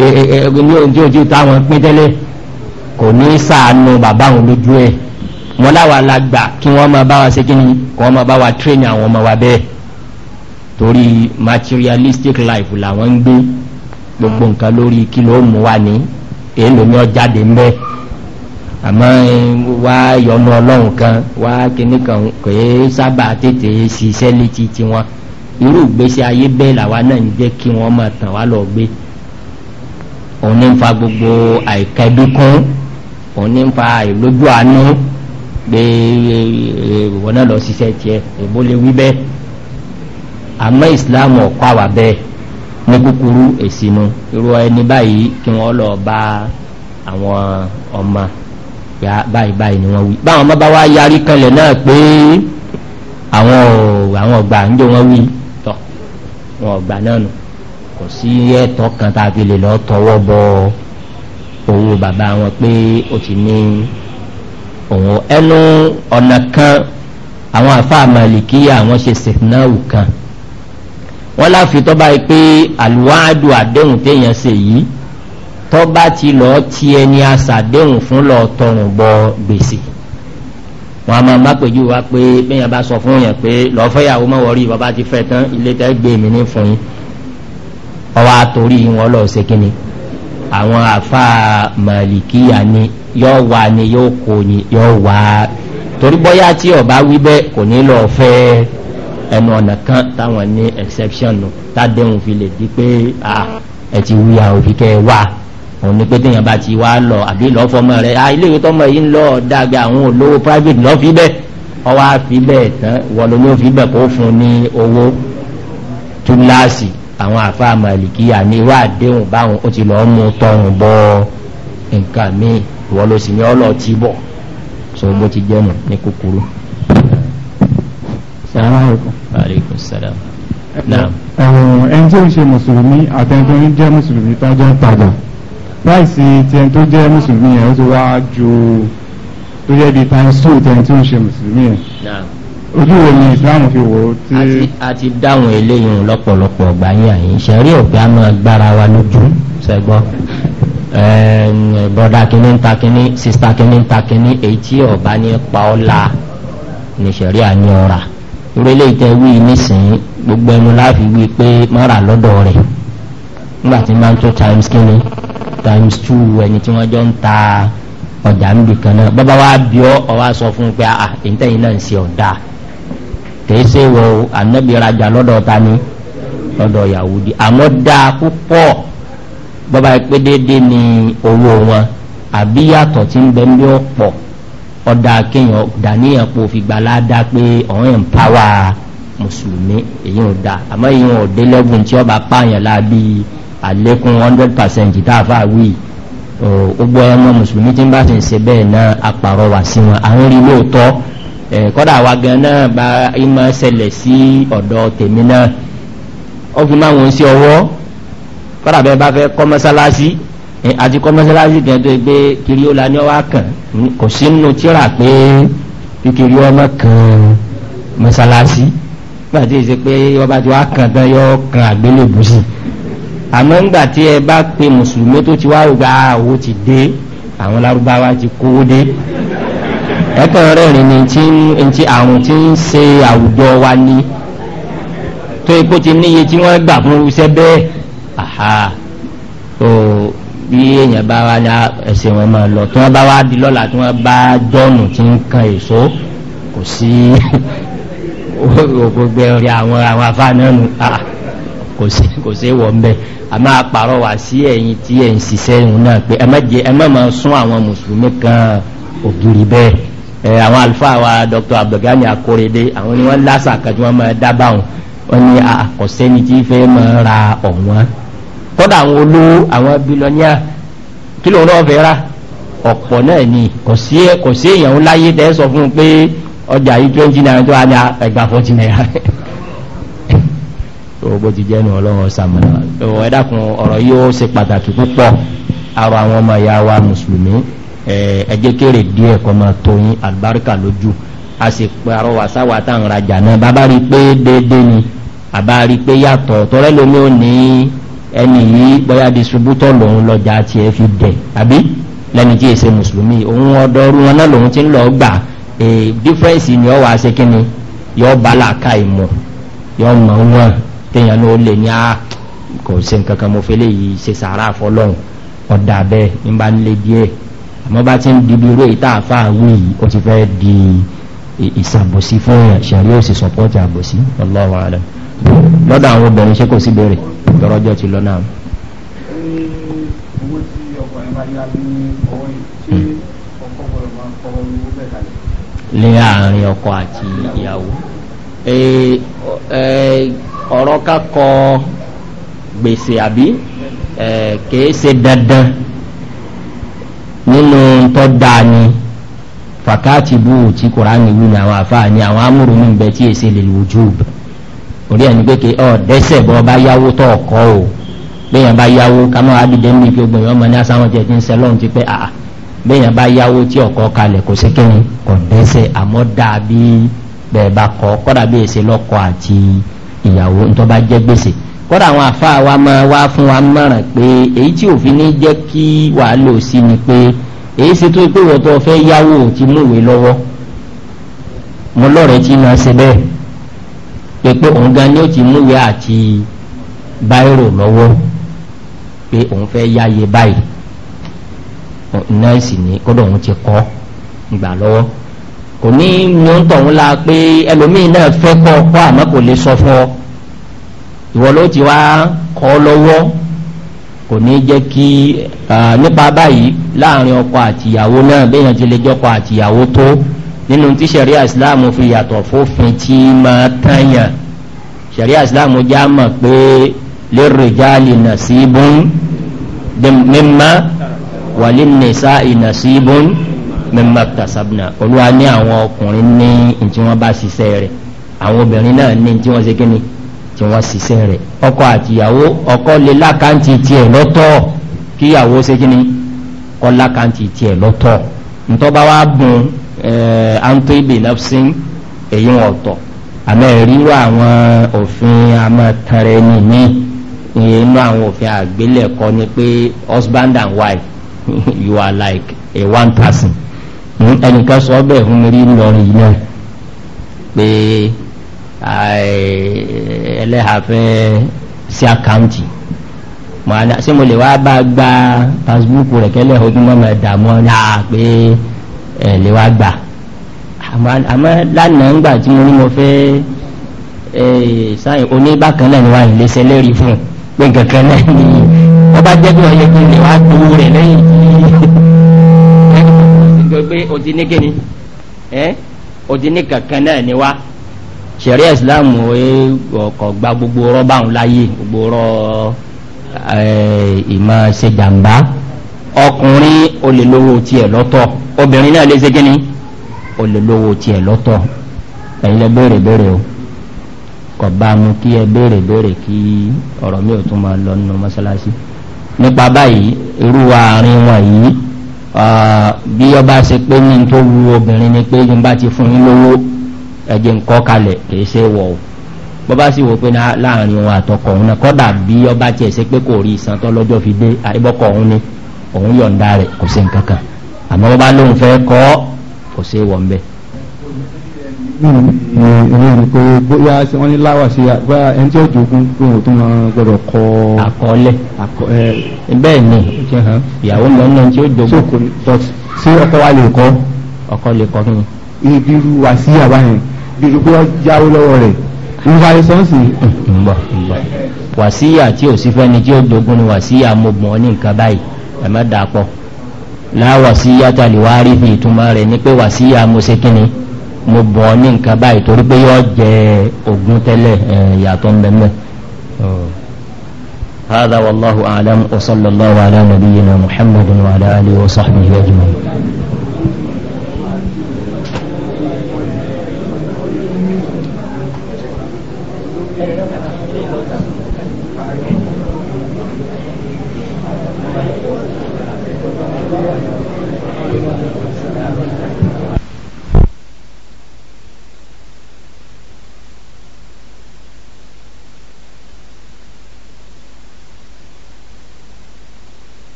Eh, eh, eh, ní ojú ojú táwọn pín tẹ́lẹ̀ kò ní sàánú bàbá òun lójú ẹ̀ wọn láwa la gbà kí wọ́n máa bá wa ṣe kí ni kí wọ́n máa bá wa tírénì àwọn ọmọ wa bẹ́ẹ̀ torí materialistic life làwọn ń gbé gbogbo nǹkan lórí kí ló mú wa ní èèlò ní ọjáde ń bẹ́ àmọ́ wá yọnu ọlọ́run kan wá kíní kan kò é sábà tètè ṣiṣẹ́ létí tiwọn irú ìgbésí ayé bẹ́ẹ̀ làwa náà ń jẹ́ kí wọ́n máa tàn wá lọ gbé òun ní ń fa gbogbo àìkẹ́dúkún òun ní ń fa ìlójú àánú pé ìwọ náà lọ ṣiṣẹ́ tiẹ̀ èbó lè wí bẹ́ẹ̀ àmọ́ ìsìláàmù ọ̀kọ́ àwà bẹ́ẹ̀ ní kúkúrú èsìnú irú ẹni báyìí kí wọ́n lọ bá àwọn ọmọ ya báyìí báyìí ni wọ́n wí báwọn ọmọ bá wá yarí kanlẹ̀ náà pé àwọn ọ̀gbà ń jọ wọ́n wí tọ̀ wọn ọ̀gbà náà nù kò sí ẹ̀tọ́ kan tá a fi lè lọ tọwọ́ bọ owó bàbá wọn pé ó ti ní òun ẹnu ọ̀nà kan àwọn àfáà màlìkíyà àwọn ṣe sèknáwù kan wọ́n láfi tọ́ba yìí pé àlùwádù àdéhùn téèyàn ṣe yìí tọ́ba ti lọ́ọ́ ti ẹni àṣàdéhùn fún lọ́ọ́ tọrùn bọ gbèsè wọn a máa bá pèjú wa pé bẹ́ẹ̀ yẹn bá sọ fún yẹn pé lọ́ọ́ fẹ́yàwó bàbá ti fẹ́ tán ilé tẹ́ gbé mi ní fún yín ọwọ́ àtòrí wọn lọ ṣe kíni àwọn àfa màlìkíyà ni yóò wà ni yóò kò ní yóò wà torí bọ́yá tí ọba wí bẹ́ẹ̀ kò ní lọ fẹ́ ẹnu ọ̀nà kan táwọn ní exception nù tádéhùn fi lè di pé ẹ ti wí àwọn òfin kẹ́ wà òun ni pé téèyàn bá ti wá lọ àbí lọ́fọ́mọ rẹ̀ à ilé ìwé tọ́mọ yìí ń lọ dàgbà àwọn olówó private lọ́ fi bẹ́ẹ̀ ọwọ́ àfi bẹ́ẹ̀ tán wọ́n ló ní ó bẹ́ẹ̀ kó fún ní owó túláàsì àwọn àfáà màlìkíyà ní ìwà àdéhùn báwọn ó ti lọ́ọ́ mú tọrùn bọ nǹkan mi ìwọ ló sì ní ọlọ́ tí bọ̀ so bó ti jẹ́ nù ní kúkúrú. salaamaleykum. aleykum salaam. ẹ̀wọ̀n ẹni tí ó ń ṣe mùsùlùmí àtẹni tó ń jẹ́ mùsùlùmí tó jẹ́ padà láìsí tí ẹni tó jẹ́ mùsùlùmí yẹn ó ti wá ju tó jẹ́ bíi times two tó ń ṣe mùsùlùmí yẹn ojú wo ni islam fi wò ó tí. àti dáhùn eléyìí lọ́pọ̀lọpọ̀ ọgbà yín àyìn ìṣẹ̀rí ọ̀gá máa gbára wa lójú sẹ́gbọ́ bọ́dà kínní ta kínní sista kínní ń ta kínní èyí tí ọ̀bá ní pa ọ́ la ní ìṣẹ̀rí àní ọ̀rà ìrẹ́lẹ̀ ìtẹ́ wí nísìnyí gbogbo ẹnu láfi wí pé má lọ́dọ̀ rẹ̀ nígbà tí máa ń tó times kínní times two ẹni tí wọ́n jọ ń ta ọjà ń bì kan náà bàbá wa bí ọ ọ wá sọ fún un pé àà ah, èyí náà ń ṣe ọ̀dà kìí ṣe wọ ànábì rajà lọ́dọ̀ ta ni lọ́dọ̀ yahudi àmọ́ dáa púpọ̀ bọ́ba pé déédé ni owó wọn àbí yàtọ̀ tí ń bẹ ń bí ọ̀pọ̀ ọ̀dà kéèyàn dàníyàn pò fìgbà ládá pé ọ̀hún ń pàwà mùsùlùmí èyí ò dáa àmọ́ èyí ò dé lẹ́gùn tí ọba pààyàn láàbí àlékún hundred percent tá a fà wí gbogbo ọmọ mùsùlùmí tí ń bá ti ń ṣe bẹ́ẹ̀ náà apàrọwà sí wọn àwọn rí lóòótọ́ Eh, kọ́dà wa gan náà bá ìmọ̀ ṣẹlẹ̀ sí ọ̀dọ̀ tèmi náà ó fi máa wọn sí ọwọ́ kọ́dà bẹ́ẹ̀ bá fẹ́ kọ́ mọ́sálásí eh, àti kọ́ mọ́sálásí gan tó gbé kiri ó la ní ọwọ́ kàn kò sí nínú tíra pé kiri ọmọ kan mọ́sálásí nígbà tí ìṣe pé ọba tí wàá kàn tán yọ kan àgbélébù àmọ́ nígbà tí ẹ bá pe mùsùlùmí tó ti wá ògbà ah, owó ti dé àwọn lárúbáwá ti kówó dé ẹ̀kàn rẹ̀rìn ni tí ń ti àrùn tí ń ṣe àwùjọ wa ni tó ipò ti níye tí wọ́n gbà fún iṣẹ́ bẹ́ẹ̀ àhà tó bí èèyàn bá wá ní ẹsẹ̀ wọn máa lọ tí wọ́n bá wá di lọ́la tí wọ́n bá jọ́ọ̀nù tí ń kan èso kò sí gbogbo ẹ̀rí àwọn àwọn afánánu kò sí wọ̀ mbẹ́ a máa pàrọ̀ wá sí ẹ̀yìn tí ẹ̀ ń ṣiṣẹ́ ìhun náà pé ẹ má jẹ́ ẹ má máa sún àwọn mùsùlùmí kan ògiri bẹ́ẹ̀ àwọn alfa wa dr abdulgani akorede àwọn ni wọ́n lásà kàtí wọ́n máa dábàwọn wọ́n ní àkọsẹ́ni ah, tí fẹ́ máa ra ọ̀wọ́n kọ́dà àwọn olówó àwọn bilọ́níà kí lóun náà fẹ́ rà ọ̀pọ̀ náà ni kò sí kò sí èèyàn láyé tẹ́ sọ fún un pé ọjà yìí twenty naira tó wà ní ẹgbàá forty naira tó bó ti jẹ́ nu ọlọ́run ọ̀sàmọ̀nà ẹ̀dàkùn ọ̀rọ̀ yìí ó ṣe pàtàkì púpọ̀ àwọn ọmọ ìyá wa mùsùlùmí ẹjẹ́ kéré díẹ̀ kọ́ máa tóyín àlùbáríkà lójú a sì parọ́ wà sáwà tá à ń rajà náà bàbá rí i pé déédéé ni àbá rí i pé yàtọ̀ tọ́rẹ́ lomi ò ní ẹni yìí bóyá distributọ̀ lòun lọ́jà tiẹ̀ fi dẹ̀ àbí lẹ́ni tí èsè mùsùlùmí òun ọdọ́rùn wọn náà lòun ti ń lọ gbà dífẹ́ǹsì ni ọ wà ṣe kí ni yọ bàlákà ìmọ̀ yọ mọ̀ wọn téèyàn náà ó lè ní a ah, kò ṣe nǹkan kan mo fẹ́ lè yí ṣe sàárà fọlọ́run ọ̀dà bẹ́ẹ̀ ń bá ń lé díẹ̀ àmọ́ bá ti ń di bí irú tá a fa àwí yìí ó ti fẹ́ di ìsàbòsí fún èèyàn ṣàlẹ́ òsì sọ̀pọ́tì àbòsí ọlọ́wọ́ àlẹ́ lọ́dọ̀ àwọn obìnrin ṣé kò sí béèrè lọ́rọ́jọ́ ti lọ náà. owó tí ọkùnrin máa yá ní ọwọ́ yìí ṣé ọkọ̀ gbọ́dọ̀ máa kọ́ owó bẹ́ẹ̀ kalẹ̀. ní ọkọ àti ìyàwó ọ̀rọ̀ ká kọ gbèsè àbí kèé ṣe dandan nínú tó dáa ni fàkàtì bú tí kòránì wí ni àwọn àfáà ni àwọn amúrò mi ń bẹ tí èsè lè lójú orí ẹni pé kí ọ dẹ́sẹ̀ bọ́ bá yáwó tó ọkọ o bẹ́yàn bá yáwó kámọ́ abidjan ní ibi ogun ìyọ́mọ ní asáwọn jẹ ti ń sẹ lọ́run ti pẹ́ àà bẹ́yàn bá yáwó tí ọkọ kalẹ̀ kò sí kò dẹ́sẹ̀ àmọ́ dàbí bẹ́ẹ̀ bá kọ́ kọ́dà bí èsè lọ́kọ àti ìyàwó ntọ́ bá jẹ́ gbèsè kọ́dà àwọn àfa wa máa wá fún wa mọ̀ràn pé èyí tí òfin ní jẹ́ kí wàá lò sí ni pé èyí ṣe tó pé wọ́n tó fẹ́ yáwó ti múwé lọ́wọ́ mo lọ́rẹ̀ẹ́ tí máa ṣe bẹ́ẹ̀ pé pé òun gan ni ó ti múwé àti báírò lọ́wọ́ pé òun fẹ́ yáyé báyìí náà sì ni kọ́dà òun ti kọ́ gbà lọ́wọ́ kò ní ní ó ń tọ̀hún la pé ẹlòmíín náà fẹ́ kọ́ ọkọ́ àmọ́ kò lè sọ fún ọ ìwọ ló ti wá kọ́ lọ́wọ́ kò ní jẹ́ kí nípa báyìí láàrin ọkọ àtìyàwó náà béèyàn ti lè jọkọ àtìyàwó tó nínú tí sẹ̀ríà islam fi yàtọ̀ fófin tí máa tàyàn sẹ̀ríà islam já mọ̀ pé lérèjálì nàṣíbùn mímọ́ wàlí nìṣá ìnàṣíbùn mímọ́ tàṣàbùnà olúwa ní àwọn ọkùnrin ní ntí wọ́n bá ṣiṣẹ́ rẹ̀ àwọn obìnrin náà ní ntí wọ́n ṣe kíni kí wọ́n ṣiṣẹ́ rẹ̀ ọkọ àtìyàwó ọkọ lè lákàntì tiẹ̀ lọ́tọ̀ kíyàwó ṣe kí ni kọ́ lákàntì tiẹ̀ lọ́tọ̀ ntọ́ba wa bùn ẹ̀ antoibe nafsin èyí wọn ọ̀tọ̀ àmọ́ ìrírò àwọn òfin amọ̀tẹ̀rẹ̀ nìyí inú àwọn òfin àgbélẹ̀kọ ni pé husband and wife you are like a one person ẹnìkan sọ bẹ́ẹ̀ fún mi rí lọrin yìí náà pé ẹlẹ́hà fẹ́ sí àkáǹtì mọ̀ádá sí mo lè wá bá gba facebook rẹ̀ kẹ́lẹ̀ ojúmọ́ mọ̀ ẹ̀dààmú ọ̀nà pé ẹ̀ lè wá gbà àmọ́ lánàá ńgbà tí mo ní mo fẹ́ sáyìn oníbàkanlẹ̀ ni wà ní léṣe lérí fún pé kankan náà ni wọ́n bá jẹ́ bí ọ̀yẹ́ kí lè wá gbowó rẹ̀ lẹ́yìn tí ẹ̀ ẹ̀ ẹ̀ ẹ̀ ẹ̀ ẹ̀ ṣẹ̀rí ìsìláàmù ọkọ̀ gba gbogbo rọ́bà ń láyé gbogbo rọ́ eh, ìmọ̀ ṣe ọkùnrin olè tiẹ̀ lọ́tọ̀ obìnrin náà lè ṣe kí ni olè lówó tiẹ̀ lọ́tọ̀ ẹ̀yin lẹ béèrè béèrè o kò bá mu kí ẹ béèrè béèrè kí ọ̀rọ̀ mi ò tún máa lọ nínú mọ́ṣáláṣí nípa báyìí irú àárín wọn yìí ah, bí ọba ṣe pé ní tó wu obìnrin ni pé yín bá ti fún yín lówó ẹjẹ ńkọ́ kalẹ̀ kìí ṣe wọ̀ o bọ́ bá sì wò pé láàrin òun àtọkọ̀ òun náà kọ́dà bí ọba tiẹ̀ ṣe pé kò rí ìsàn tó lọ́jọ́ fi dé àríbọ́kọ̀ òun ni òun yọ̀ǹda rẹ̀ kò sí nǹkan kan àmọ́ bọ́ bá lóun fẹ́ kọ́ kò ṣe wọ̀ ńbẹ́. Eh, ìwé ni pé bóyá wọ́n ní láwà sí bóyá ẹni tí ó jogún lóun tó máa gbọ́dọ̀ kọ́. àkọọ́lẹ̀ eh, bẹ́ẹ̀ ni ìyàwó lọ́nà tí ó jogún. ṣé ọkọ wa lè kọ́. ọkọ lè kọ́ kí ni. ìbírú wàsíyà báyìí bíi pé wọ́n jáwó lọ́wọ́ rẹ̀ ń wá ẹsọ́nsì. wàsíyà tí ò sí fẹ́ni tí ó dogun ni wàsíyà mo mọ̀ ní nǹkan báyìí ẹ̀ má dà pọ̀ láwàsíyà tàlí wá rí fi ìtumọ̀ rẹ̀ ní pé wàsíyà mo ṣe kíni mo bọ̀ ní nǹkan báyìí torí pé yọ jẹ ogun tẹ́lẹ̀ ìyàtọ̀ ń bẹ̀mẹ̀. هذا والله أعلم وصلى الله على نبينا محمد وعلى آله وصحبه أجمعين